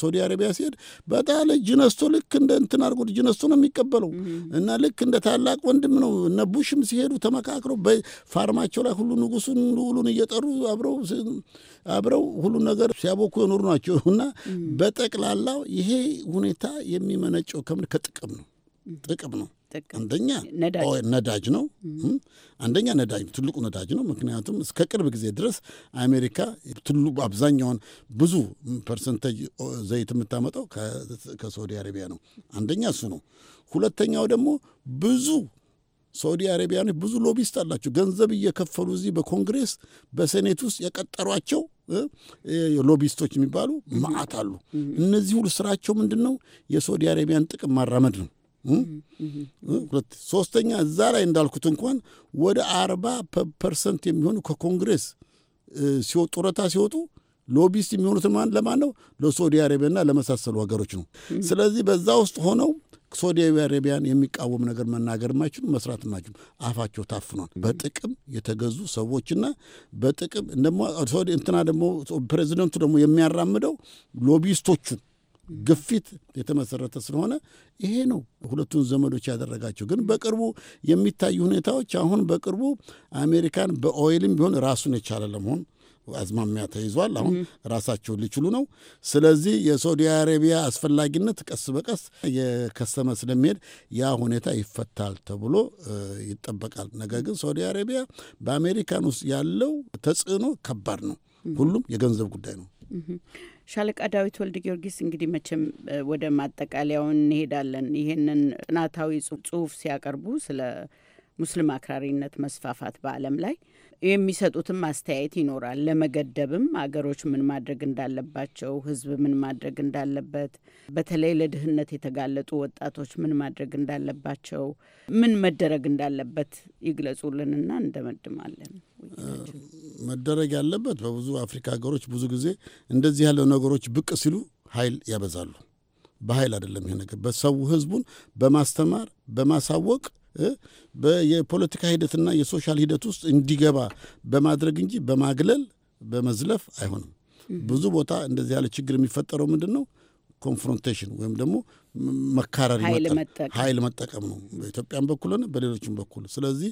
ሳውዲ አረቢያ ሲሄድ በጣም እጅ ልክ እንደ እንትን አድርጎ ጅነስቶ ነው የሚቀበለው እና ልክ እንደ ታላቅ ወንድም ነው። እነ ቡሽም ሲሄዱ ተመካክረው በፋርማቸው ላይ ሁሉ ንጉሱን ሁሉን እየጠሩ አብረው አብረው ሁሉ ነገር ሲያቦኩ የኖሩ ናቸው እና በጠቅላላው ይሄ ሁኔታ የሚመነጨው ከምን ከጥቅም ነው ጥቅም ነው። አንደኛ ነዳጅ ነው። አንደኛ ነዳጅ ትልቁ ነዳጅ ነው። ምክንያቱም እስከ ቅርብ ጊዜ ድረስ አሜሪካ ትሉ አብዛኛውን ብዙ ፐርሰንተጅ ዘይት የምታመጣው ከሳውዲ አረቢያ ነው። አንደኛ እሱ ነው። ሁለተኛው ደግሞ ብዙ ሳውዲ አረቢያኖች ብዙ ሎቢስት አላቸው። ገንዘብ እየከፈሉ እዚህ በኮንግሬስ በሴኔት ውስጥ የቀጠሯቸው ሎቢስቶች የሚባሉ ማአት አሉ። እነዚህ ሁሉ ስራቸው ምንድን ነው? የሳዑዲ አረቢያን ጥቅም ማራመድ ነው። ሁለት ሶስተኛ እዛ ላይ እንዳልኩት እንኳን ወደ አርባ ፐርሰንት የሚሆኑ ከኮንግሬስ ሲወጡ ጡረታ ሲወጡ ሎቢስት የሚሆኑትን ለማን ነው? ለሳዑዲ አረቢያና ለመሳሰሉ ሀገሮች ነው። ስለዚህ በዛ ውስጥ ሆነው ሳውዲ አረቢያን የሚቃወም ነገር መናገር ማይችሉ መስራት ማይችሉ አፋቸው ታፍኗል። በጥቅም የተገዙ ሰዎችና በጥቅም ደግሞ እንትና ደግሞ ፕሬዚደንቱ ደግሞ የሚያራምደው ሎቢስቶቹ ግፊት የተመሰረተ ስለሆነ ይሄ ነው ሁለቱን ዘመዶች ያደረጋቸው። ግን በቅርቡ የሚታዩ ሁኔታዎች አሁን በቅርቡ አሜሪካን በኦይልም ቢሆን ራሱን የቻለ ለመሆን አዝማሚያ ተይዟል። አሁን ራሳቸውን ሊችሉ ነው። ስለዚህ የሳዑዲ አረቢያ አስፈላጊነት ቀስ በቀስ የከሰመ ስለሚሄድ ያ ሁኔታ ይፈታል ተብሎ ይጠበቃል። ነገር ግን ሳውዲ አረቢያ በአሜሪካን ውስጥ ያለው ተጽዕኖ ከባድ ነው። ሁሉም የገንዘብ ጉዳይ ነው። ሻለቃ ዳዊት ወልድ ጊዮርጊስ፣ እንግዲህ መቼም ወደ ማጠቃለያው እንሄዳለን። ይህንን ጥናታዊ ጽሁፍ ሲያቀርቡ ስለ ሙስሊም አክራሪነት መስፋፋት በዓለም ላይ የሚሰጡትም አስተያየት ይኖራል። ለመገደብም አገሮች ምን ማድረግ እንዳለባቸው፣ ህዝብ ምን ማድረግ እንዳለበት፣ በተለይ ለድህነት የተጋለጡ ወጣቶች ምን ማድረግ እንዳለባቸው፣ ምን መደረግ እንዳለበት ይግለጹልንና እንደመድማለን። መደረግ ያለበት በብዙ አፍሪካ ሀገሮች ብዙ ጊዜ እንደዚህ ያለው ነገሮች ብቅ ሲሉ ኃይል ያበዛሉ። በኃይል አይደለም ይሄ ነገር በሰው ህዝቡን በማስተማር በማሳወቅ የፖለቲካ ሂደትና የሶሻል ሂደት ውስጥ እንዲገባ በማድረግ እንጂ በማግለል በመዝለፍ አይሆንም። ብዙ ቦታ እንደዚህ ያለ ችግር የሚፈጠረው ምንድን ነው? ኮንፍሮንቴሽን ወይም ደግሞ መካረር ኃይል መጠቀም ነው፣ በኢትዮጵያም በኩል ሆነ በሌሎችም በኩል። ስለዚህ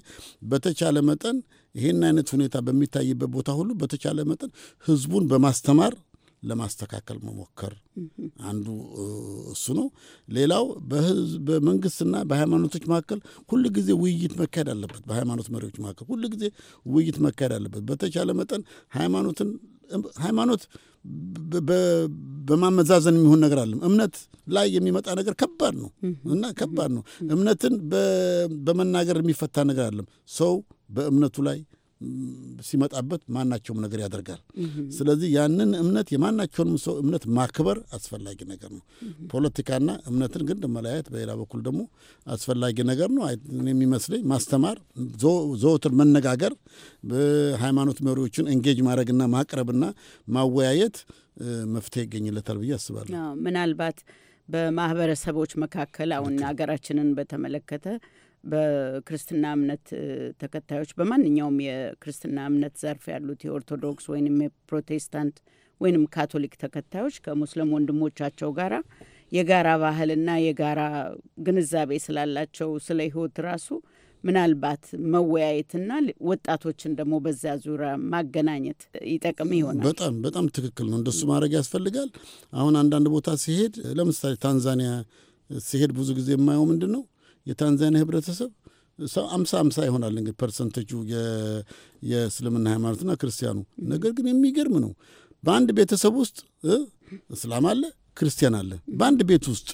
በተቻለ መጠን ይህን አይነት ሁኔታ በሚታይበት ቦታ ሁሉ በተቻለ መጠን ህዝቡን በማስተማር ለማስተካከል መሞከር አንዱ እሱ ነው። ሌላው በህዝብ በመንግስትና በሃይማኖቶች መካከል ሁል ጊዜ ውይይት መካሄድ አለበት። በሃይማኖት መሪዎች መካከል ሁል ጊዜ ውይይት መካሄድ አለበት። በተቻለ መጠን ሃይማኖትን ሃይማኖት በማመዛዘን የሚሆን ነገር አለም። እምነት ላይ የሚመጣ ነገር ከባድ ነው እና ከባድ ነው። እምነትን በመናገር የሚፈታ ነገር አለም። ሰው በእምነቱ ላይ ሲመጣበት ማናቸውም ነገር ያደርጋል። ስለዚህ ያንን እምነት የማናቸውንም ሰው እምነት ማክበር አስፈላጊ ነገር ነው። ፖለቲካና እምነትን ግን መለያየት በሌላ በኩል ደግሞ አስፈላጊ ነገር ነው የሚመስለኝ። ማስተማር፣ ዘወትር መነጋገር፣ በሃይማኖት መሪዎችን እንጌጅ ማድረግና ማቅረብና ማወያየት መፍትሄ ይገኝለታል ብዬ አስባለሁ። ምናልባት በማህበረሰቦች መካከል አሁን ሀገራችንን በተመለከተ በክርስትና እምነት ተከታዮች በማንኛውም የክርስትና እምነት ዘርፍ ያሉት የኦርቶዶክስ ወይም የፕሮቴስታንት ወይም ካቶሊክ ተከታዮች ከሙስሊም ወንድሞቻቸው ጋር የጋራ ባህልና የጋራ ግንዛቤ ስላላቸው ስለ ሕይወት ራሱ ምናልባት መወያየትና ወጣቶችን ደግሞ በዛ ዙሪያ ማገናኘት ይጠቅም ይሆናል። በጣም በጣም ትክክል ነው። እንደሱ ማድረግ ያስፈልጋል። አሁን አንዳንድ ቦታ ሲሄድ ለምሳሌ ታንዛኒያ ሲሄድ ብዙ ጊዜ የማየው ምንድን ነው የታንዛኒያ ህብረተሰብ አምሳ አምሳ ይሆናል እንግዲህ ፐርሰንቴጁ የእስልምና ሃይማኖትና ክርስቲያኑ። ነገር ግን የሚገርም ነው። በአንድ ቤተሰብ ውስጥ እስላም አለ፣ ክርስቲያን አለ። በአንድ ቤት ውስጥ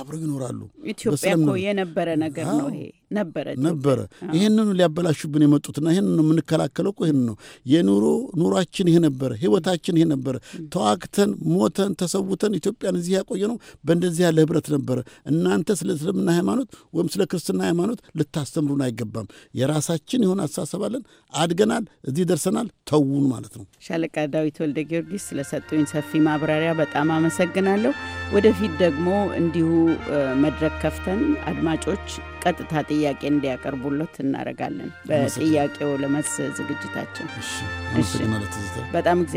አብረው ይኖራሉ። ኢትዮጵያ እኮ የነበረ ነገር ነው ይሄ ነበረ ነበረ። ይህንኑ ሊያበላሹብን የመጡትና ይህን ነው የምንከላከለው እኮ ይህን ነው የኑሮ ኑሯችን ይሄ ነበረ፣ ህይወታችን ይሄ ነበረ። ተዋግተን ሞተን ተሰውተን ኢትዮጵያን እዚህ ያቆየ ነው በእንደዚህ ያለ ህብረት ነበረ። እናንተ ስለ እስልምና ሃይማኖት ወይም ስለ ክርስትና ሃይማኖት ልታስተምሩን አይገባም። የራሳችን የሆነ አስተሳሰብ አድገናል፣ እዚህ ደርሰናል። ተውን ማለት ነው። ሻለቃ ዳዊት ወልደ ጊዮርጊስ ስለሰጡኝ ሰፊ ማብራሪያ በጣም አመሰግናለሁ። ወደፊት ደግሞ እንዲሁ መድረክ ከፍተን አድማጮች ቀጥታ ጥያቄ እንዲያቀርቡለት እናደርጋለን። በጥያቄው ለመልስ ዝግጅታችን በጣም ጊዜ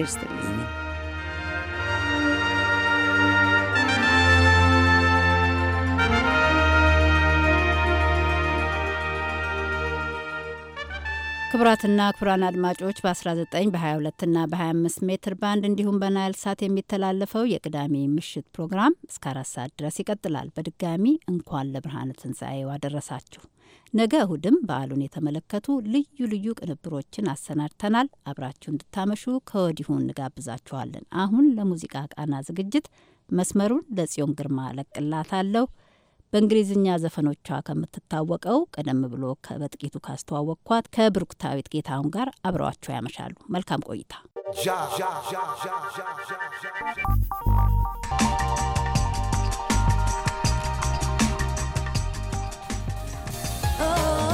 ክቡራትና ክቡራን አድማጮች በ19 በ22 እና በ25 ሜትር ባንድ እንዲሁም በናይል ሳት የሚተላለፈው የቅዳሜ ምሽት ፕሮግራም እስከ አራት ሰዓት ድረስ ይቀጥላል። በድጋሚ እንኳን ለብርሃነ ትንሣኤው አደረሳችሁ። ነገ እሁድም በዓሉን የተመለከቱ ልዩ ልዩ ቅንብሮችን አሰናድተናል። አብራችሁ እንድታመሹ ከወዲሁ እንጋብዛችኋለን። አሁን ለሙዚቃ ቃና ዝግጅት መስመሩን ለጽዮን ግርማ ለቅላታለሁ። በእንግሊዝኛ ዘፈኖቿ ከምትታወቀው ቀደም ብሎ በጥቂቱ ካስተዋወቅኳት ከብሩክታዊት ጌታሁን ጋር አብረዋቸው ያመሻሉ። መልካም ቆይታ። Oh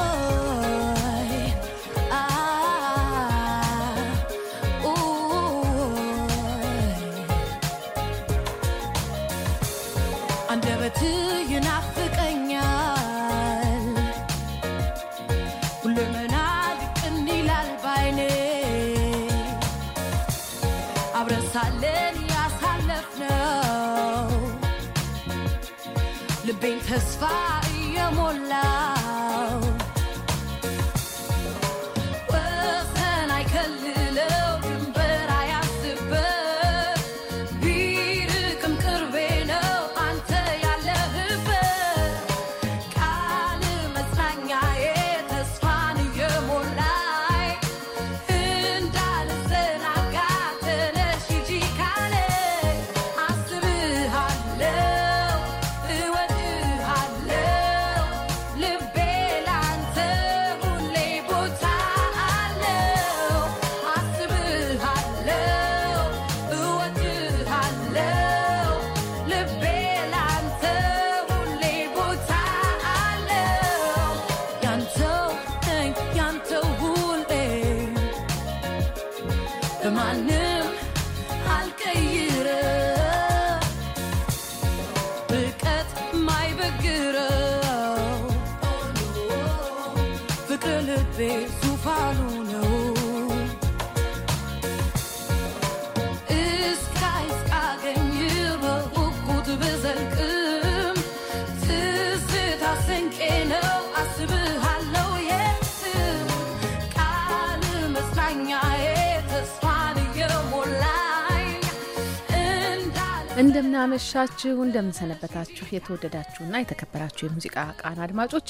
አመሻችሁ፣ እንደምንሰነበታችሁ የተወደዳችሁና የተከበራችሁ የሙዚቃ ቃና አድማጮች፣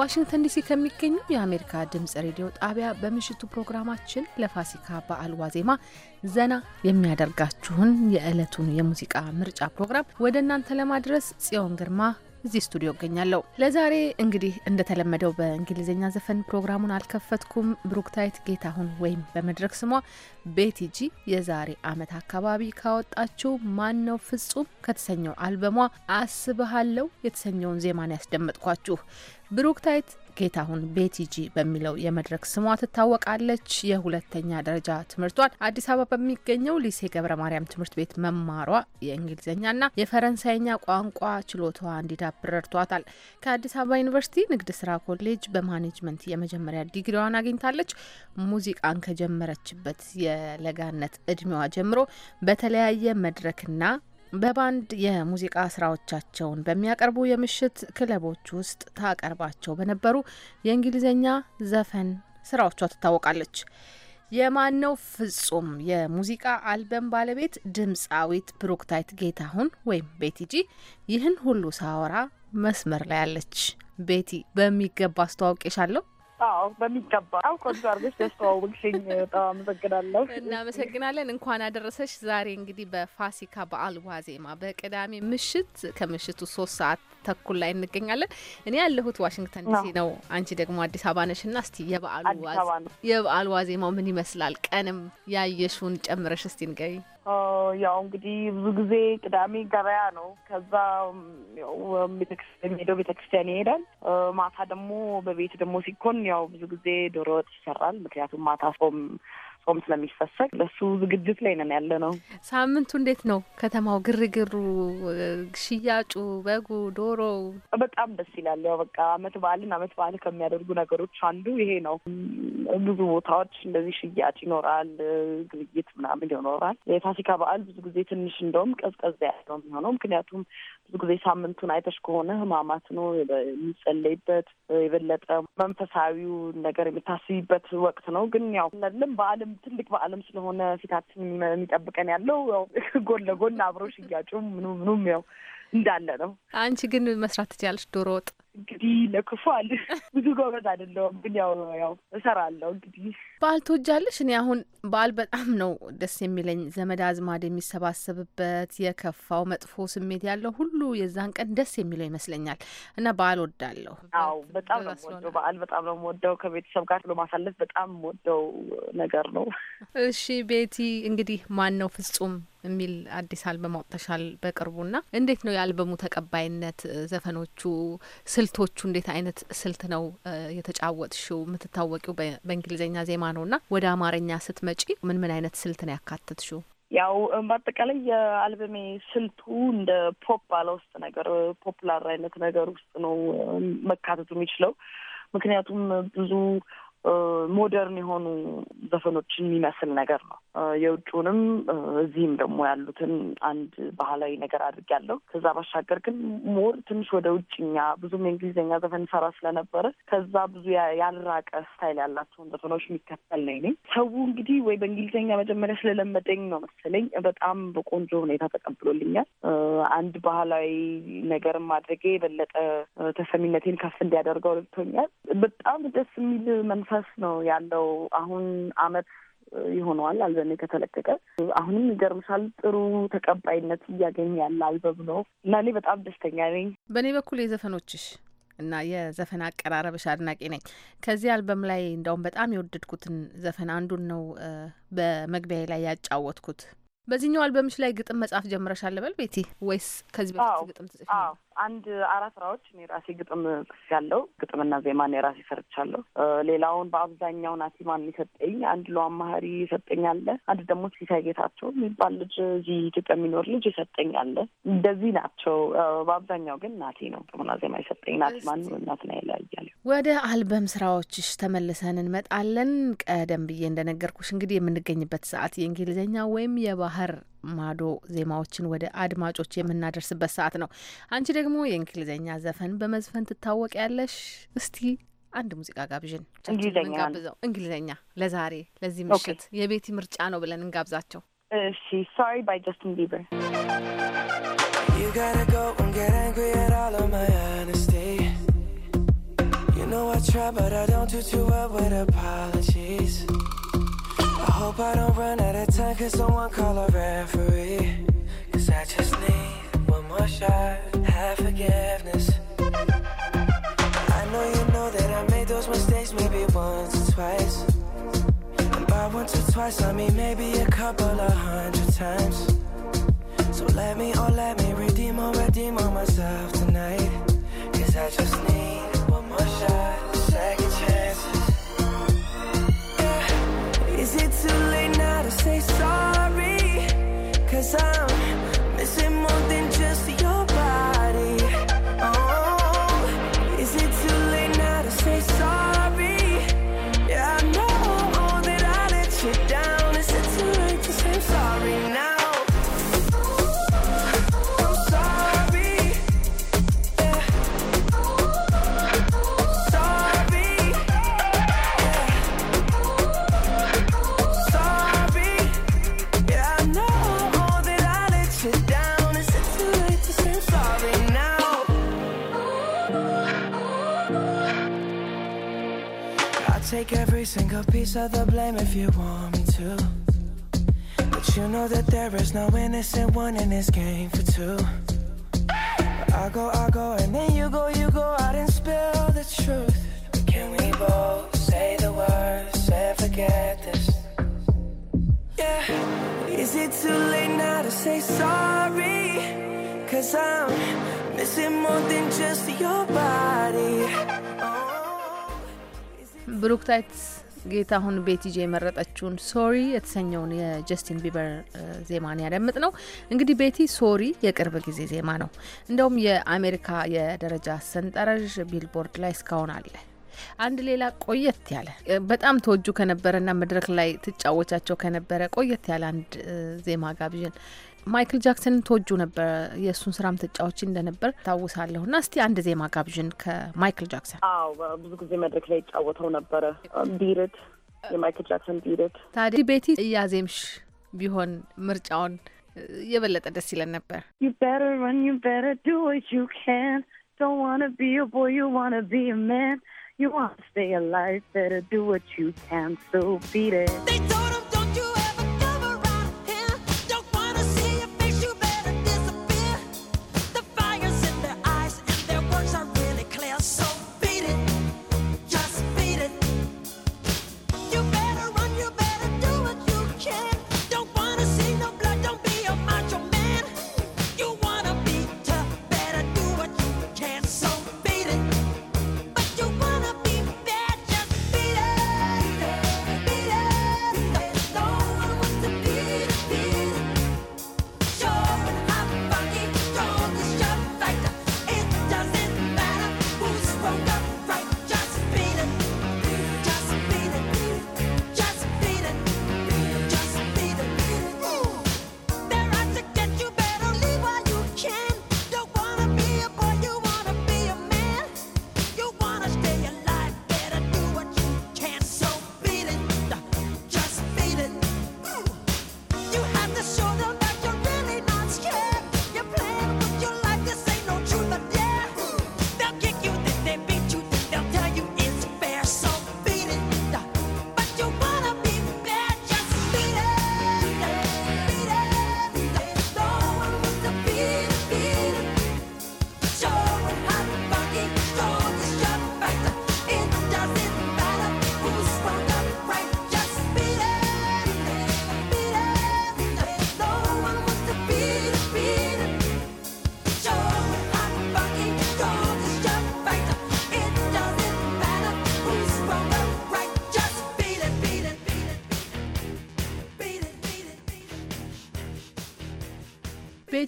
ዋሽንግተን ዲሲ ከሚገኙ የአሜሪካ ድምጽ ሬዲዮ ጣቢያ በምሽቱ ፕሮግራማችን ለፋሲካ በዓል ዋዜማ ዘና የሚያደርጋችሁን የዕለቱን የሙዚቃ ምርጫ ፕሮግራም ወደ እናንተ ለማድረስ ጽዮን ግርማ እዚህ ስቱዲዮ እገኛለሁ። ለዛሬ እንግዲህ እንደተለመደው በእንግሊዝኛ ዘፈን ፕሮግራሙን አልከፈትኩም። ብሩክታይት ጌታሁን ወይም በመድረክ ስሟ ቤቲጂ የዛሬ ዓመት አካባቢ ካወጣችው ማን ነው ፍጹም ከተሰኘው አልበሟ አስብሃለው የተሰኘውን ዜማን ያስደመጥኳችሁ ብሩክታይት ጌታሁን ቤቲጂ በሚለው የመድረክ ስሟ ትታወቃለች። የሁለተኛ ደረጃ ትምህርቷን አዲስ አበባ በሚገኘው ሊሴ ገብረ ማርያም ትምህርት ቤት መማሯ የእንግሊዝኛና የፈረንሳይኛ ቋንቋ ችሎታዋ እንዲዳብር ረድቷታል። ከአዲስ አበባ ዩኒቨርሲቲ ንግድ ስራ ኮሌጅ በማኔጅመንት የመጀመሪያ ዲግሪዋን አግኝታለች። ሙዚቃን ከጀመረችበት የለጋነት እድሜዋ ጀምሮ በተለያየ መድረክና በባንድ የሙዚቃ ስራዎቻቸውን በሚያቀርቡ የምሽት ክለቦች ውስጥ ታቀርባቸው በነበሩ የእንግሊዝኛ ዘፈን ስራዎቿ ትታወቃለች። የማነው ፍጹም የሙዚቃ አልበም ባለቤት ድምፃዊት ብሩክታይት ጌታሁን ወይም ቤቲጂ ይህን ሁሉ ሳወራ መስመር ላይ አለች። ቤቲ በሚገባ አስተዋውቄሻለሁ። አዎ በሚገባው ቆንጆ አድርገሽ ያስተዋወቅሽኝ በጣም አመሰግናለሁ። እናመሰግናለን። እንኳን አደረሰሽ። ዛሬ እንግዲህ በፋሲካ በዓል ዋዜማ በቅዳሜ ምሽት ከምሽቱ ሶስት ሰዓት ተኩል ላይ እንገኛለን። እኔ ያለሁት ዋሽንግተን ዲሲ ነው፣ አንቺ ደግሞ አዲስ አበባ ነሽ ና እስቲ የበዓሉ ዋዜማው ምን ይመስላል? ቀንም ያየሽውን ጨምረሽ እስቲ ንገሪኝ። ያው እንግዲህ ብዙ ጊዜ ቅዳሜ ገበያ ነው። ከዛ ሄደው ቤተክርስቲያን ይሄዳል። ማታ ደግሞ በቤት ደግሞ ሲኮን ያው ብዙ ጊዜ ዶሮ ወጥ ይሰራል። ምክንያቱም ማታ ጾም ጾም ስለሚፈሰግ በሱ ዝግጅት ላይ ነን ያለ ነው። ሳምንቱ እንዴት ነው ከተማው? ግርግሩ፣ ሽያጩ፣ በጉ፣ ዶሮ በጣም ደስ ይላል። ያው በቃ አመት በዓልን አመት በዓል ከሚያደርጉ ነገሮች አንዱ ይሄ ነው። ብዙ ቦታዎች እንደዚህ ሽያጭ ይኖራል፣ ግብይት ምናምን ይኖራል። የፋሲካ በዓል ብዙ ጊዜ ትንሽ እንደውም ቀዝቀዝ ያለው የሚሆነው። ምክንያቱም ብዙ ጊዜ ሳምንቱን አይተሽ ከሆነ ህማማት ነው የሚጸለይበት የበለጠ መንፈሳዊው ነገር የምታስቢበት ወቅት ነው። ግን ያው በዓልም ትልቅ በዓልም ስለሆነ ፊታችን የሚጠብቀን ያለው ያው [laughs] ጎን ለጎን አብሮ ሽያጩም ምኑ ምኑም ያው እንዳለ ነው። አንቺ ግን መስራት ትችያለሽ ዶሮ ወጥ እንግዲህ ለክፉ አለ ብዙ ጎበዝ አይደለሁም፣ ግን ያው ያው እሰራለሁ። እንግዲህ በዓል ትወጃለሽ? እኔ አሁን በዓል በጣም ነው ደስ የሚለኝ። ዘመድ አዝማድ የሚሰባሰብበት የከፋው መጥፎ ስሜት ያለው ሁሉ የዛን ቀን ደስ የሚለው ይመስለኛል እና በዓል ወዳለሁ። አዎ በጣም ነው ወደው በዓል በጣም ነው ወደው ከቤተሰብ ጋር ብሎ ማሳለፍ በጣም ወደው ነገር ነው። እሺ ቤቲ እንግዲህ ማን ነው ፍጹም የሚል አዲስ አልበም አውጥተሻል ና እንዴት ነው የአልበሙ ተቀባይነት? ዘፈኖቹ፣ ስልቶቹ እንዴት አይነት ስልት ነው የተጫወትሽው? የምትታወቂው በእንግሊዝኛ ዜማ ነው ና ወደ አማርኛ ስትመጪ ምን ምን አይነት ስልት ነው ያካተትሽው? ያው በአጠቃላይ የአልበሜ ስልቱ እንደ ፖፕ ባለ ውስጥ ነገር ፖፕላር አይነት ነገር ውስጥ ነው መካተቱ የሚችለው ምክንያቱም ብዙ ሞደርን የሆኑ ዘፈኖችን የሚመስል ነገር ነው። የውጭውንም እዚህም ደግሞ ያሉትን አንድ ባህላዊ ነገር አድርጌያለሁ። ከዛ ባሻገር ግን ሞር ትንሽ ወደ ውጭኛ ብዙም የእንግሊዝኛ ዘፈን ሰራ ስለነበረ ከዛ ብዙ ያልራቀ ስታይል ያላቸውን ዘፈኖች የሚከተል ነኝ ነኝ። ሰው እንግዲህ ወይ በእንግሊዝኛ መጀመሪያ ስለለመደኝ ነው መሰለኝ በጣም በቆንጆ ሁኔታ ተቀብሎልኛል። አንድ ባህላዊ ነገር ማድረጌ የበለጠ ተሰሚነቴን ከፍ እንዲያደርገው ልብቶኛል። በጣም ደስ የሚል መንፈስ ነው ያለው። አሁን አመት ይሆነዋል አልበሜ ከተለቀቀ። አሁንም ይገርምሻል ጥሩ ተቀባይነት እያገኘ ያለ አልበም ነው እና እኔ በጣም ደስተኛ ነኝ። በእኔ በኩል የዘፈኖችሽ እና የዘፈን አቀራረብሽ አድናቂ ነኝ። ከዚህ አልበም ላይ እንደውም በጣም የወደድኩትን ዘፈን አንዱን ነው በመግቢያ ላይ ያጫወትኩት። በዚህኛው አልበምሽ ላይ ግጥም መጽሐፍ ጀምረሻል በል ቤቲ? ወይስ ከዚህ በፊት ግጥም ትጽፍ? አንድ አራት ስራዎች እኔ ራሴ ግጥም ያለው ግጥምና ዜማን የራሴ ሰርቻለሁ። ሌላውን በአብዛኛው ናቲማን የሰጠኝ አንድ ሎ አማህሪ ይሰጠኛለ። አንድ ደግሞ ሲሳይ ጌታቸው የሚባል ልጅ እዚህ ኢትዮጵያ የሚኖር ልጅ ይሰጠኛለ። እንደዚህ ናቸው። በአብዛኛው ግን ናቲ ነው ግጥምና ዜማ የሰጠኝ። ናቲማን ናትና ይለያያል። ወደ አልበም ስራዎችሽ ተመልሰን እንመጣለን። ቀደም ብዬ እንደነገርኩሽ እንግዲህ የምንገኝበት ሰዓት የእንግሊዝኛ ወይም የባህር ማዶ ዜማዎችን ወደ አድማጮች የምናደርስበት ሰዓት ነው። አንቺ ደግሞ የእንግሊዝኛ ዘፈን በመዝፈን ትታወቅ ያለሽ። እስቲ አንድ ሙዚቃ ጋብዥን፣ እንጋብዘው። እንግሊዝኛ ለዛሬ ለዚህ ምሽት የቤቲ ምርጫ ነው ብለን እንጋብዛቸው። You know I try, but I don't do too well with apologies. I hope I don't run out of time. Cause someone call a referee. Cause I just need one more shot. Have forgiveness. I know you know that I made those mistakes maybe once or twice. And by once or twice, I mean maybe a couple of hundred times. So let me, oh, let me redeem or redeem on myself tonight. Cause I just need one more shot. Second Is it too late now to say sorry? Cause I'm missing more than just you. take every single piece of the blame if you want me to. But you know that there is no innocent one in this game for two. But I go, I go, and then you go, you go out and spill the truth. But can we both say the words and forget this? Yeah. Is it too late now to say sorry? Cause I'm missing more than just your body. ብሩክታይት ጌታሁን ቤቲጄ የመረጠችውን ሶሪ የተሰኘውን የጀስቲን ቢበር ዜማን ያዳምጥ ነው። እንግዲህ ቤቲ ሶሪ የቅርብ ጊዜ ዜማ ነው። እንደውም የአሜሪካ የደረጃ ሰንጠረዥ ቢልቦርድ ላይ እስካሁን አለ። አንድ ሌላ ቆየት ያለ በጣም ተወጁ ከነበረና መድረክ ላይ ትጫወቻቸው ከነበረ ቆየት ያለ አንድ ዜማ ጋብዥን ማይክል ጃክሰንን ተወጁ ነበረ። የእሱን ስራም ተጫዎች እንደነበር ታውሳለሁ። እና እስቲ አንድ ዜማ ጋብዥን ከማይክል ጃክሰን። አዎ ብዙ ጊዜ መድረክ ላይ ይጫወተው ነበረ። ቢርት የማይክል ጃክሰን ቢርት። ታዲያ ቤቲ እያዜምሽ ቢሆን ምርጫውን የበለጠ ደስ ይለን ነበር። You better run, you better do what you can. Don't wanna be a boy, you wanna be a man. You wanna stay alive, better do what you can. So beat it.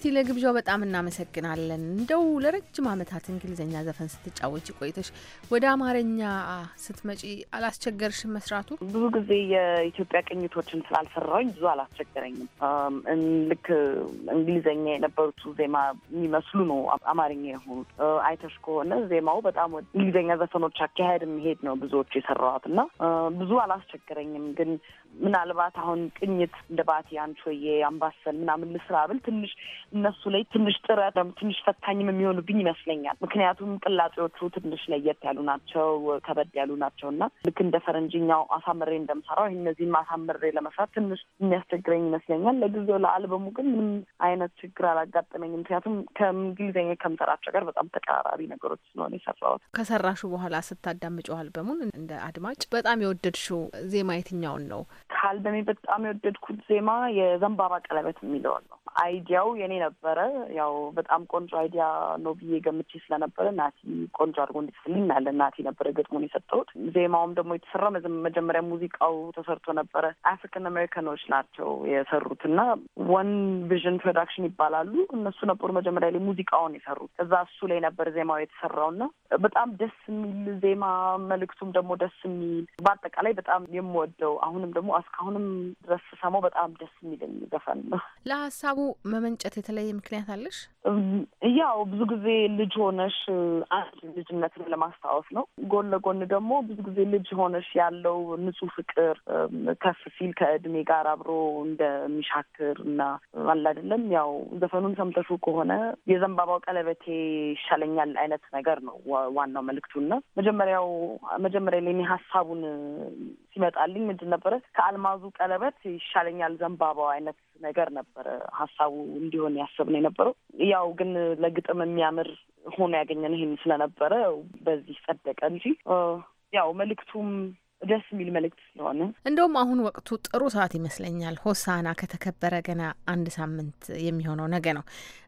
ቤቲ ለግብዣው በጣም እናመሰግናለን። እንደው ለረጅም ዓመታት እንግሊዝኛ ዘፈን ስትጫወች ቆይተሽ ወደ አማርኛ ስትመጪ አላስቸገርሽም? መስራቱ ብዙ ጊዜ የኢትዮጵያ ቅኝቶችን ስላልሰራውኝ ብዙ አላስቸገረኝም። ልክ እንግሊዝኛ የነበሩት ዜማ የሚመስሉ ነው አማርኛ የሆኑት። አይተሽ ከሆነ ዜማው በጣም እንግሊዝኛ ዘፈኖች አካሄድ የሚሄድ ነው ብዙዎቹ የሰራዋት እና ብዙ አላስቸገረኝም ግን ምናልባት አሁን ቅኝት እንደ ባቲ አንቾዬ፣ አምባሰል ምናምን ልስራ ብል ትንሽ እነሱ ላይ ትንሽ ጥረት ትንሽ ፈታኝም የሚሆኑብኝ ይመስለኛል። ምክንያቱም ቅላጤዎቹ ትንሽ ለየት ያሉ ናቸው፣ ከበድ ያሉ ናቸው እና ልክ እንደ ፈረንጅኛው አሳምሬ እንደምሰራው እነዚህም አሳምሬ ለመስራት ትንሽ የሚያስቸግረኝ ይመስለኛል። ለጊዜው ለአልበሙ ግን ምንም አይነት ችግር አላጋጠመኝ። ምክንያቱም ከእንግሊዝኛ ከምሰራቸው ጋር በጣም ተቀራራቢ ነገሮች ስለሆነ የሰራሁት። ከሰራሹ በኋላ ስታዳምጨው አልበሙን እንደ አድማጭ በጣም የወደድሽው ዜማ የትኛውን ነው? ካልበሜ በጣም የወደድኩት ዜማ የዘንባባ ቀለበት የሚለውን ነው። አይዲያው የኔ ነበረ። ያው በጣም ቆንጆ አይዲያ ነው ብዬ ገምቼ ስለነበረ ናቲ ቆንጆ አድርጎ እንዲስልናለን ናቲ ነበረ ገጥሞን የሰጠሁት። ዜማውም ደግሞ የተሰራ መጀመሪያ ሙዚቃው ተሰርቶ ነበረ። አፍሪካን አሜሪካኖች ናቸው የሰሩት እና ወን ቪዥን ፕሮዳክሽን ይባላሉ እነሱ ነበሩ መጀመሪያ ላይ ሙዚቃውን የሰሩት። እዛ እሱ ላይ ነበር ዜማው የተሰራው እና በጣም ደስ የሚል ዜማ፣ መልእክቱም ደግሞ ደስ የሚል በአጠቃላይ በጣም የምወደው አሁንም ደግሞ እስካሁንም ድረስ ስሰማው በጣም ደስ የሚለኝ ዘፈን ነው። ለሀሳቡ መመንጨት የተለየ ምክንያት አለሽ? ያው ብዙ ጊዜ ልጅ ሆነሽ አንድ ልጅነትን ለማስታወስ ነው። ጎን ለጎን ደግሞ ብዙ ጊዜ ልጅ ሆነሽ ያለው ንጹህ ፍቅር ከፍ ሲል ከእድሜ ጋር አብሮ እንደሚሻክር እና አለ አይደለም ያው ዘፈኑን ሰምተሹ ከሆነ የዘንባባው ቀለበቴ ይሻለኛል አይነት ነገር ነው ዋናው መልእክቱና መጀመሪያው መጀመሪያ ላይ ሀሳቡን ሲመጣልኝ ምንድን ነበረ አልማዙ ቀለበት ይሻለኛል ዘንባባው አይነት ነገር ነበረ ሀሳቡ እንዲሆን ያሰብነው የነበረው። ያው ግን ለግጥም የሚያምር ሆኖ ያገኘን ይህን ስለነበረ በዚህ ጸደቀ እንጂ ያው መልእክቱም ደስ የሚል መልእክት ስለሆነ እንደውም አሁን ወቅቱ ጥሩ ሰዓት ይመስለኛል። ሆሳና ከተከበረ ገና አንድ ሳምንት የሚሆነው ነገ ነው።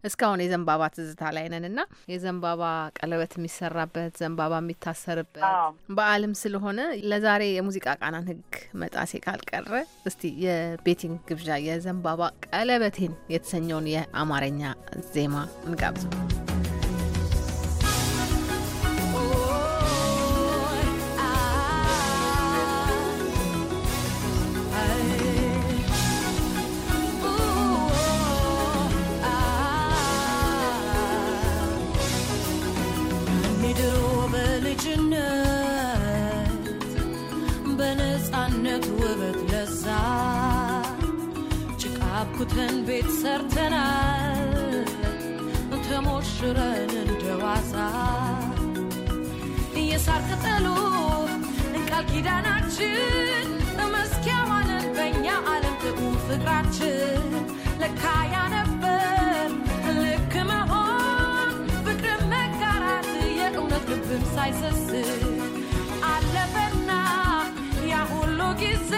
እስካሁን የዘንባባ ትዝታ ላይ ነን እና የዘንባባ ቀለበት የሚሰራበት ዘንባባ የሚታሰርበት በዓልም ስለሆነ ለዛሬ የሙዚቃ ቃናን ህግ መጣሴ ካልቀረ እስቲ የቤቲንግ ግብዣ የዘንባባ ቀለበቴን የተሰኘውን የአማርኛ ዜማ እንጋብዘው። ሰርተናል ተሞሽረን እንደዋዛ የሳር ቅጠሉ ቃል ኪዳናችን መስኪያ ዋለን በእኛ አለም ጥዑም ፍቅራችን ለካ ያነበር ልክ መሆን ፍቅርን መጋራት የእውነት ልብም ሳይሰስ አለፈና ያ ጊዜ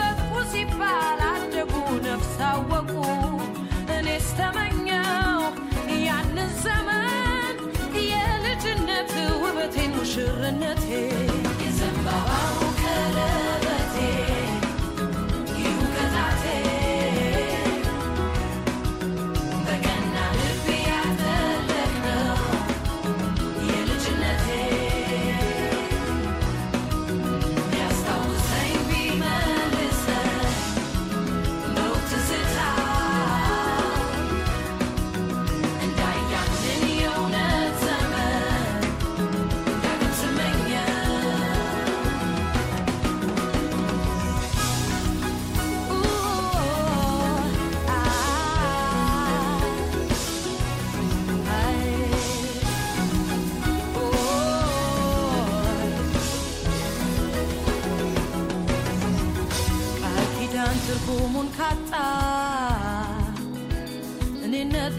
በቁ ሲባል ተመኘው ያንን ዘመን የልጅነት ውበቴን ሙሽርነቴ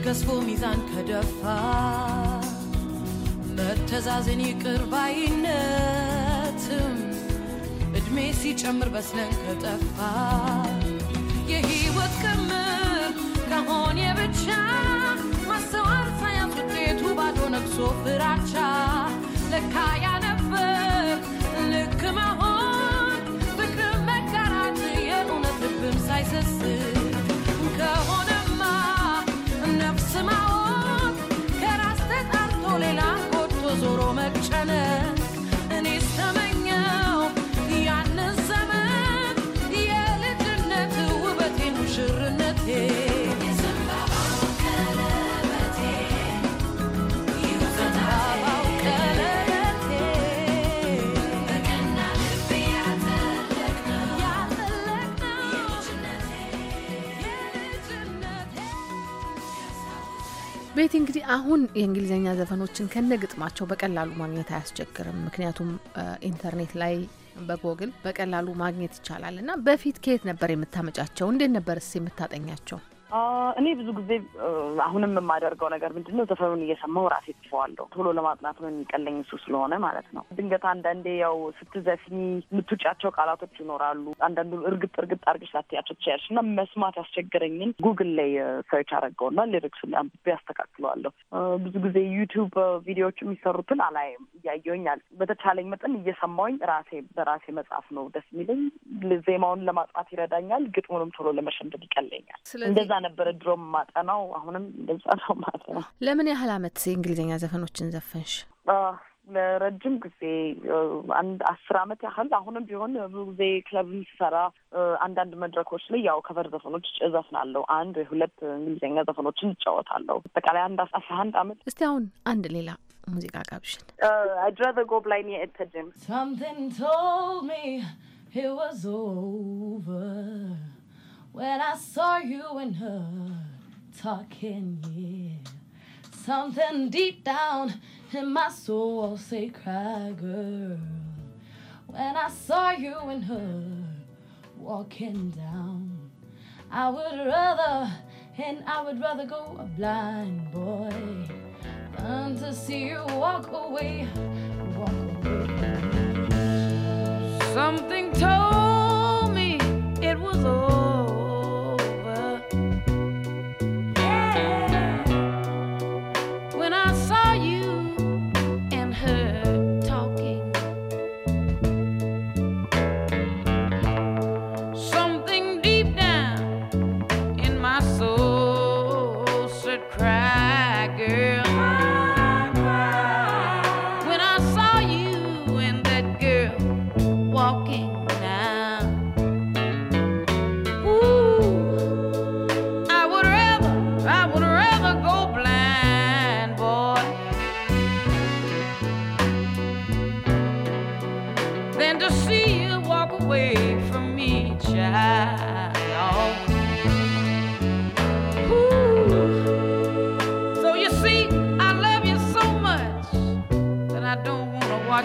ገዝፎ ሚዛን ከደፋ መተዛዘን ይቅር ባይነትም እድሜ ሲጨምር በስለን ከጠፋ የህይወት ክምር ከሆን ብቻ ማስተዋል ሳያንስ ውጤቱ ባዶ ነግሶ ፍራቻ ለካያ ቤቲ እንግዲህ አሁን የእንግሊዝኛ ዘፈኖችን ግጥማቸው በቀላሉ ማግኘት አያስቸግርም። ምክንያቱም ኢንተርኔት ላይ በጎግል በቀላሉ ማግኘት ይቻላል እና በፊት ከየት ነበር የምታመጫቸው? እንዴት ነበር ስ የምታጠኛቸው? እኔ ብዙ ጊዜ አሁንም የማደርገው ነገር ምንድን ነው ዘፈኑን እየሰማው ራሴ ጽፈዋለሁ። ቶሎ ለማጥናት ነው የሚቀለኝ እሱ ስለሆነ ማለት ነው። ድንገት አንዳንዴ ያው ስትዘፍኒ የምትውጫቸው ቃላቶች ይኖራሉ። አንዳንዱ እርግጥ እርግጥ አርግሽ ላትያቸው ትችያለሽ እና መስማት ያስቸግረኝን ጉግል ላይ ሰርች አደረገው እና ሊሪክሱን አንብቤ ያስተካክለዋለሁ። ብዙ ጊዜ ዩቱብ ቪዲዮዎች የሚሰሩትን አላይም። እያየሁኝ በተቻለኝ መጠን እየሰማውኝ ራሴ በራሴ መጽሐፍ ነው ደስ የሚለኝ። ዜማውን ለማጥናት ይረዳኛል። ግጥሙንም ቶሎ ለመሸምደድ ይቀለኛል እንደዛ ነበረ ድሮም ማጠናው፣ አሁንም እንደዛ ነው ማጠናው። ለምን ያህል አመት የእንግሊዝኛ ዘፈኖችን ዘፈንሽ? ለረጅም ጊዜ አንድ አስር አመት ያህል አሁንም ቢሆን ብዙ ጊዜ ክለብ ሲሰራ አንዳንድ መድረኮች ላይ ያው ከቨር ዘፈኖች እዘፍናለሁ። አንድ ወይ ሁለት እንግሊዝኛ ዘፈኖችን እጫወታለሁ። አጠቃላይ አንድ አስራ አንድ አመት። እስቲ አሁን አንድ ሌላ ሙዚቃ ጋብዥን። I'd rather go blind yet Something told me it was over When I saw you and her talking, yeah. Something deep down in my soul say, cry, girl. When I saw you and her walking down, I would rather, and I would rather go a blind boy than to see you walk away, walk away. Something told me it was over.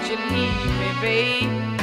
you need me, babe.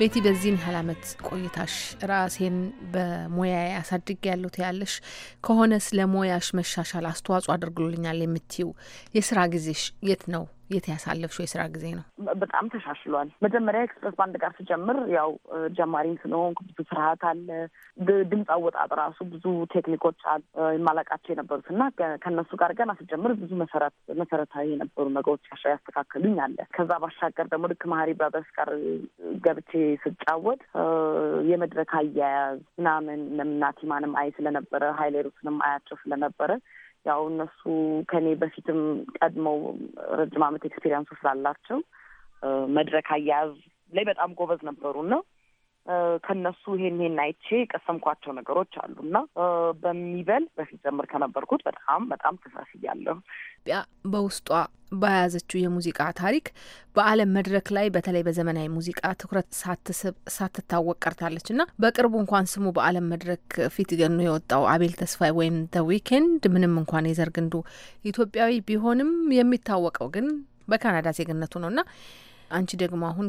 ቤቲ፣ በዚህን ያህል ዓመት ቆይታሽ ራሴን በሙያ ያሳድግ ያሉት ያለሽ ከሆነ ስለ ሙያሽ መሻሻል አስተዋጽኦ አድርግሉልኛል የምትይው የስራ ጊዜሽ የት ነው የት ያሳለፍሽው የስራ ጊዜ ነው? በጣም ተሻሽሏል። መጀመሪያ ኤክስፕረስ ባንድ ጋር ስጀምር ያው ጀማሪም ስለሆንኩ ብዙ ፍርሃት አለ። ድምፅ አወጣጥ ራሱ ብዙ ቴክኒኮች የማላቃቸው የነበሩት እና ከእነሱ ጋር ገና ስጀምር ብዙ መሰረታዊ የነበሩ ነገሮች ያስተካከሉኝ አለ። ከዛ ባሻገር ደግሞ ልክ ማህሪ ብራዘርስ ጋር ገብቼ ስጫወት የመድረክ አያያዝ ምናምን እነ ምናቲማንም አይ ስለነበረ ሀይሌሩትንም አያቸው ስለነበረ ያው እነሱ ከኔ በፊትም ቀድመው ረጅም አመት ኤክስፔሪንሱ ስላላቸው መድረክ አያያዝ ላይ በጣም ጎበዝ እና ከነሱ ይሄን ይሄን አይቼ የቀሰምኳቸው ነገሮች አሉ እና በሚበል በፊት ዘምር ከነበርኩት በጣም በጣም እያለሁ ኢትዮጵያ በውስጧ በያዘችው የሙዚቃ ታሪክ በዓለም መድረክ ላይ በተለይ በዘመናዊ ሙዚቃ ትኩረት ሳትስብ ሳትታወቅ ቀርታለች እና በቅርቡ እንኳን ስሙ በዓለም መድረክ ፊት ገኖ የወጣው አቤል ተስፋይ ወይም ተ ዊኬንድ ምንም እንኳን የዘርግንዱ ኢትዮጵያዊ ቢሆንም የሚታወቀው ግን በካናዳ ዜግነቱ ነው እና አንቺ ደግሞ አሁን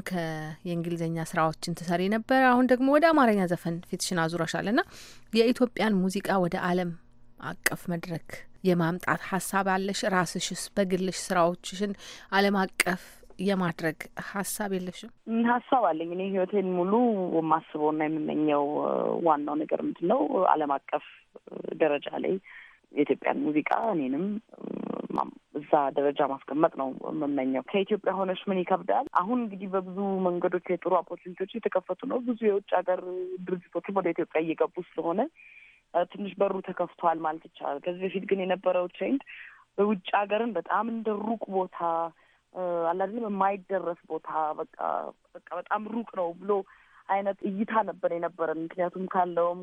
የእንግሊዝኛ ስራዎችን ትሰሪ ነበር። አሁን ደግሞ ወደ አማርኛ ዘፈን ፊትሽን አዙረሻል ና የኢትዮጵያን ሙዚቃ ወደ ዓለም አቀፍ መድረክ የማምጣት ሀሳብ አለሽ? ራስሽስ በግልሽ ስራዎችሽን ዓለም አቀፍ የማድረግ ሀሳብ የለሽም? ሀሳብ አለኝ። እኔ ህይወቴን ሙሉ የማስበውና የምመኘው ዋናው ነገር ምንድን ነው ዓለም አቀፍ ደረጃ ላይ የኢትዮጵያን ሙዚቃ እኔንም እዛ ደረጃ ማስቀመጥ ነው የምመኘው። ከኢትዮጵያ ሆነሽ ምን ይከብዳል? አሁን እንግዲህ በብዙ መንገዶች የጥሩ አፖርቹኒቲዎች የተከፈቱ ነው። ብዙ የውጭ ሀገር ድርጅቶችም ወደ ኢትዮጵያ እየገቡ ስለሆነ ትንሽ በሩ ተከፍቷል ማለት ይቻላል። ከዚህ በፊት ግን የነበረው ትሬንድ በውጭ ሀገርን በጣም እንደ ሩቅ ቦታ አላግንም የማይደረስ ቦታ በቃ በጣም ሩቅ ነው ብሎ አይነት እይታ ነበር የነበረን። ምክንያቱም ካለውም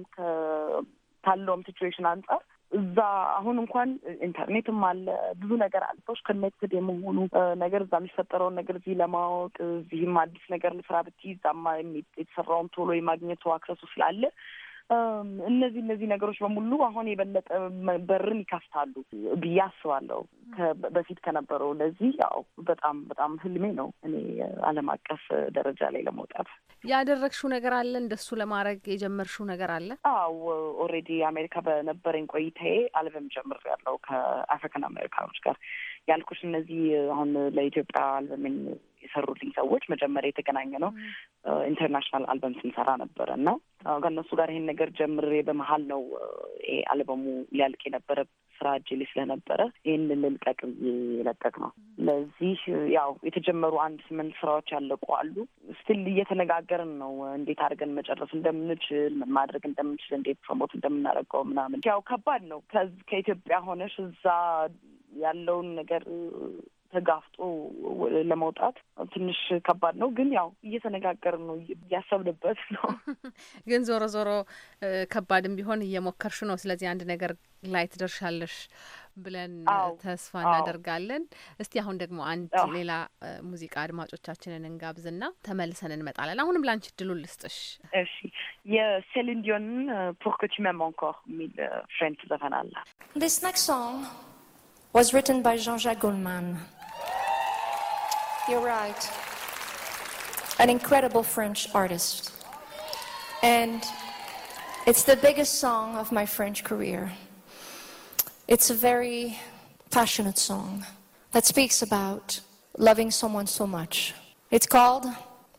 ካለውም ሲትዌሽን አንጻር እዛ አሁን እንኳን ኢንተርኔትም አለ ብዙ ነገር አለ። ሰዎች ከኔክትድ የመሆኑ ነገር እዛ የሚፈጠረውን ነገር እዚህ ለማወቅ እዚህም አዲስ ነገር ልስራ ብትይ እዛማ የተሰራውን ቶሎ የማግኘቱ አክሰሱ ስላለ እነዚህ እነዚህ ነገሮች በሙሉ አሁን የበለጠ በርን ይከፍታሉ ብዬ አስባለሁ በፊት ከነበረው። ለዚህ ያው በጣም በጣም ህልሜ ነው እኔ ዓለም አቀፍ ደረጃ ላይ ለመውጣት። ያደረግሽው ነገር አለ እንደሱ ለማድረግ የጀመርሽው ነገር አለ? አዎ ኦልሬዲ አሜሪካ በነበረኝ ቆይታዬ አልበም ጀምሬያለሁ ከአፍሪካን አሜሪካኖች ጋር ያልኩሽ እነዚህ አሁን ለኢትዮጵያ አልበሜን የሰሩልኝ ሰዎች መጀመሪያ የተገናኘ ነው ኢንተርናሽናል አልበም ስንሰራ ነበረ እና ከእነሱ ጋር ይሄን ነገር ጀምሬ በመሀል ነው ይሄ አልበሙ ሊያልቅ የነበረ ስራ እጅል ስለነበረ ይህንን ልልቀቅ ብዬ ነው። ለዚህ ያው የተጀመሩ አንድ ስምንት ስራዎች ያለቁ አሉ። ስትል እየተነጋገርን ነው እንዴት አድርገን መጨረስ እንደምንችል፣ ማድረግ እንደምንችል፣ እንዴት ፕሮሞት እንደምናደርገው ምናምን። ያው ከባድ ነው ከኢትዮጵያ ሆነሽ እዛ ያለውን ነገር ተጋፍጦ ለመውጣት ትንሽ ከባድ ነው። ግን ያው እየተነጋገር ነው፣ እያሰብንበት ነው። [laughs] ግን ዞሮ ዞሮ ከባድም ቢሆን እየሞከርሽ ነው። ስለዚህ አንድ ነገር ላይ ትደርሻለሽ ብለን ተስፋ እናደርጋለን። እስቲ አሁን ደግሞ አንድ ሌላ ሙዚቃ አድማጮቻችንን እንጋብዝና ተመልሰን እንመጣለን። አሁንም ለአንቺ እድሉን ልስጥሽ። እሺ፣ የሴሊን ዲዮንን ፖር ቱ የሚል ፍሬንች ዘፈን አለ። This next song was written by You're right. An incredible French artist. And it's the biggest song of my French career. It's a very passionate song that speaks about loving someone so much. It's called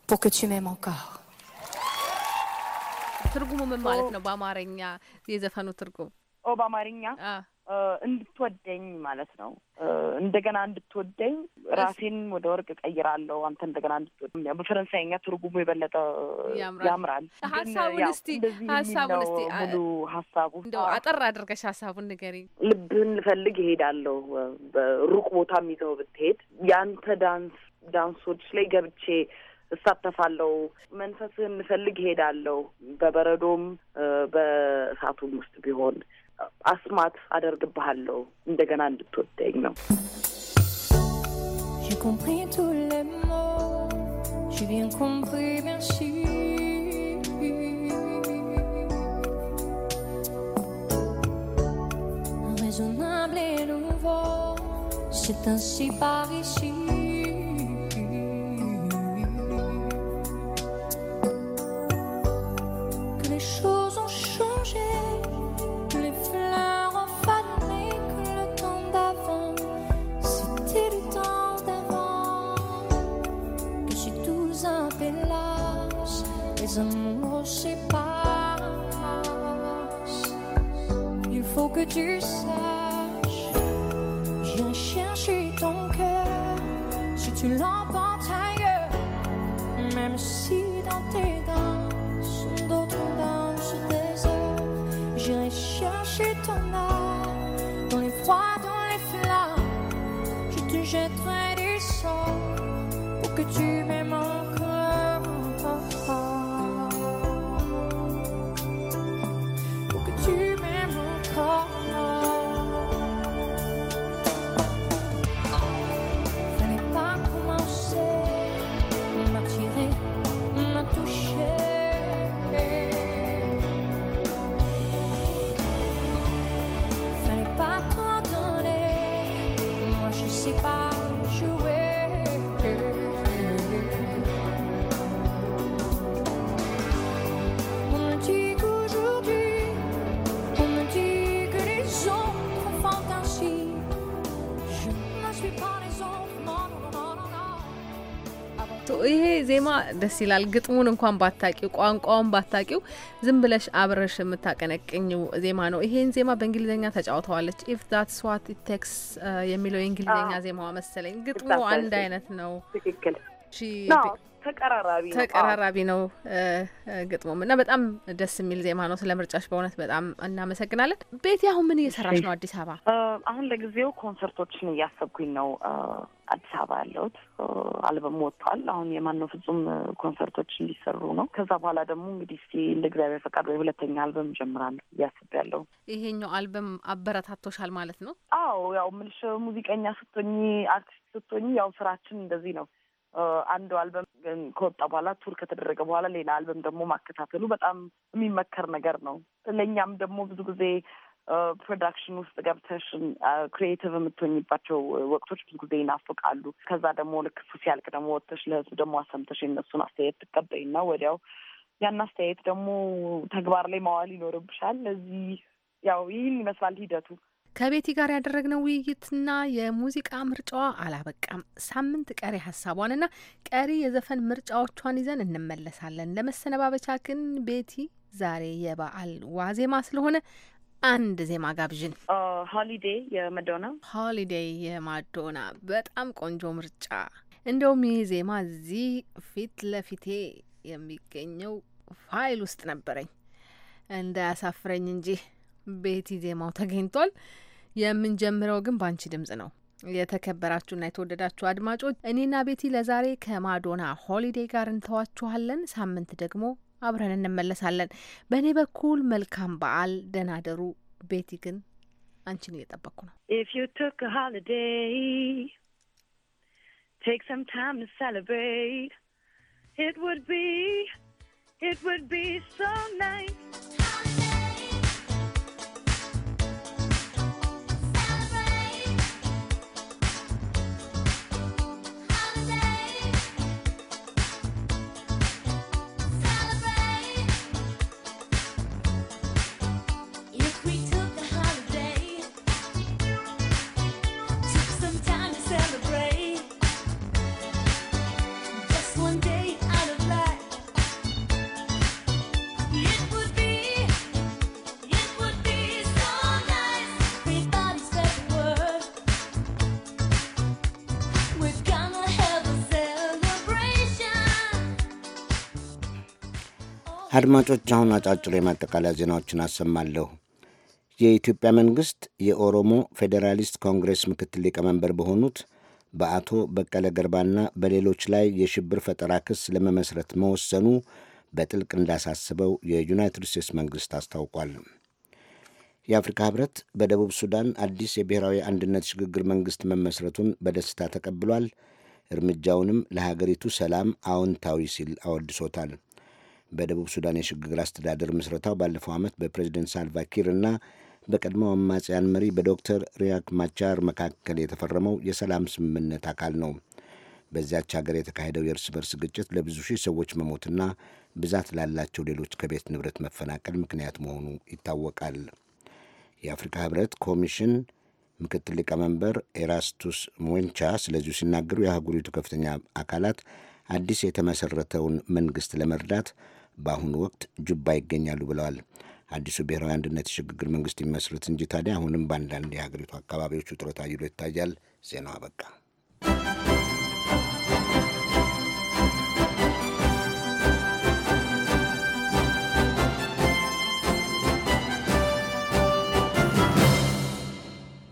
Pour que tu m'aimes encore. ትርጉሙ ምን ማለት ነው? በአማርኛ የዘፈኑ ትርጉም ኦ በአማርኛ እንድትወደኝ ማለት ነው። እንደገና እንድትወደኝ ራሴን ወደ ወርቅ እቀይራለሁ። አንተ እንደገና እንድትወደኝ በፈረንሳይኛ ትርጉሙ የበለጠ ያምራል። ሀሳቡን እስቲ ሀሳቡን እስቲ ሙሉ ሀሳቡ እንደው አጠር አድርገሽ ሀሳቡን ንገሪኝ። ልብህን ልፈልግ እሄዳለሁ። ሩቅ ቦታ ይዘው ብትሄድ የአንተ ዳንስ ዳንሶች ላይ ገብቼ እሳተፋለሁ። መንፈስህን ልፈልግ እሄዳለሁ። በበረዶም በእሳቱም ውስጥ ቢሆን Asmat de Ballo, de J'ai compris tous les mots, j'ai viens compris, merci. Un raisonnable et nouveau, c'est ainsi par ici que les choses ont changé. les amours Il faut que tu saches, viens chercher ton cœur. Si tu l'emportes ailleurs, même si dans tes dents. ዜማ ደስ ይላል። ግጥሙን እንኳን ባታቂው ቋንቋውን ባታቂው ዝም ብለሽ አብረሽ የምታቀነቅኝው ዜማ ነው። ይሄን ዜማ በእንግሊዝኛ ተጫውተዋለች። ኢፍ ዛት ስዋት ቴክስ የሚለው የእንግሊዝኛ ዜማዋ መሰለኝ። ግጥሙ አንድ አይነት ነው። ትክክል ተቀራራቢ ነው ተቀራራቢ ነው ግጥሙም እና በጣም ደስ የሚል ዜማ ነው። ስለ ምርጫሽ በእውነት በጣም እናመሰግናለን። ቤቲ አሁን ምን እየሰራሽ ነው አዲስ አበባ? አሁን ለጊዜው ኮንሰርቶችን እያሰብኩኝ ነው አዲስ አበባ ያለሁት አልበም ወጥቷል። አሁን የማነው ፍጹም ኮንሰርቶች እንዲሰሩ ነው። ከዛ በኋላ ደግሞ እንግዲህ እስቲ እንደ እግዚአብሔር ፈቃድ ወይ ሁለተኛ አልበም ጀምራል እያስብ ያለው ይሄኛው አልበም አበረታቶሻል ማለት ነው? አዎ ያው ምልሽ ሙዚቀኛ ስትሆኚ አርቲስት ስትሆኚ ያው ስራችን እንደዚህ ነው አንዱ አልበም ከወጣ በኋላ ቱር ከተደረገ በኋላ ሌላ አልበም ደግሞ ማከታተሉ በጣም የሚመከር ነገር ነው። ለእኛም ደግሞ ብዙ ጊዜ ፕሮዳክሽን ውስጥ ገብተሽ ክሪኤቲቭ የምትሆኝባቸው ወቅቶች ብዙ ጊዜ ይናፍቃሉ። ከዛ ደግሞ ልክ እሱ ሲያልቅ ደግሞ ወጥተሽ ለህዝብ ደግሞ አሰምተሽ የነሱን አስተያየት ትቀበይና ወዲያው ያን አስተያየት ደግሞ ተግባር ላይ ማዋል ይኖርብሻል። እዚህ ያው ይህን ይመስላል ሂደቱ። ከቤቲ ጋር ያደረግነው ውይይትና የሙዚቃ ምርጫዋ አላበቃም። ሳምንት ቀሪ ሀሳቧንና ቀሪ የዘፈን ምርጫዎቿን ይዘን እንመለሳለን። ለመሰነባበቻ ግን ቤቲ ዛሬ የበዓል ዋዜማ ስለሆነ አንድ ዜማ ጋብዥን። ሆሊዴ የማዶና ሆሊዴይ የማዶና በጣም ቆንጆ ምርጫ። እንደውም ይህ ዜማ እዚህ ፊት ለፊቴ የሚገኘው ፋይል ውስጥ ነበረኝ እንዳያሳፍረኝ እንጂ ቤቲ ዜማው ተገኝቷል። የምንጀምረው ግን በአንቺ ድምጽ ነው። የተከበራችሁና የተወደዳችሁ አድማጮች እኔና ቤቲ ለዛሬ ከማዶና ሆሊዴይ ጋር እንተዋችኋለን። ሳምንት ደግሞ አብረን እንመለሳለን። በእኔ በኩል መልካም በዓል፣ ደናደሩ ቤቲ ግን አንቺን እየጠበቅኩ ነው። If you took a holiday, take some time to celebrate. It would be, it would be so nice. አድማጮች፣ አሁን አጫጭር የማጠቃለያ ዜናዎችን አሰማለሁ። የኢትዮጵያ መንግሥት የኦሮሞ ፌዴራሊስት ኮንግሬስ ምክትል ሊቀመንበር በሆኑት በአቶ በቀለ ገርባና በሌሎች ላይ የሽብር ፈጠራ ክስ ለመመስረት መወሰኑ በጥልቅ እንዳሳስበው የዩናይትድ ስቴትስ መንግሥት አስታውቋል። የአፍሪካ ህብረት በደቡብ ሱዳን አዲስ የብሔራዊ አንድነት ሽግግር መንግሥት መመስረቱን በደስታ ተቀብሏል። እርምጃውንም ለሀገሪቱ ሰላም አዎንታዊ ሲል አወድሶታል። በደቡብ ሱዳን የሽግግር አስተዳደር ምስረታው ባለፈው ዓመት በፕሬዚደንት ሳልቫኪር እና በቀድሞው አማጽያን መሪ በዶክተር ሪያክ ማቻር መካከል የተፈረመው የሰላም ስምምነት አካል ነው። በዚያች ሀገር የተካሄደው የእርስ በርስ ግጭት ለብዙ ሺህ ሰዎች መሞትና ብዛት ላላቸው ሌሎች ከቤት ንብረት መፈናቀል ምክንያት መሆኑ ይታወቃል። የአፍሪካ ህብረት ኮሚሽን ምክትል ሊቀመንበር ኤራስቱስ ሞንቻ ስለዚሁ ሲናገሩ የአህጉሪቱ ከፍተኛ አካላት አዲስ የተመሰረተውን መንግስት ለመርዳት በአሁኑ ወቅት ጁባ ይገኛሉ ብለዋል። አዲሱ ብሔራዊ አንድነት የሽግግር መንግስት ይመስሉት እንጂ ታዲያ አሁንም በአንዳንድ የሀገሪቱ አካባቢዎች ውጥረት አይሎ ይታያል። ዜናው አበቃ።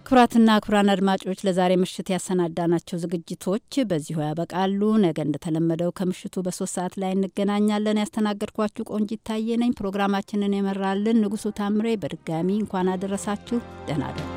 ክቡራትና ክቡራን አድማጮች ለዛሬ ምሽት ያሰናዳናቸው ዝግጅቶች በዚሁ ያበቃሉ። ነገ እንደተለመደው ከምሽቱ በሶስት ሰዓት ላይ እንገናኛለን። ያስተናገድኳችሁ ቆንጂ ይታየ ነኝ። ፕሮግራማችንን የመራልን ንጉሱ ታምሬ። በድጋሚ እንኳን አደረሳችሁ። ደህና ደሩ።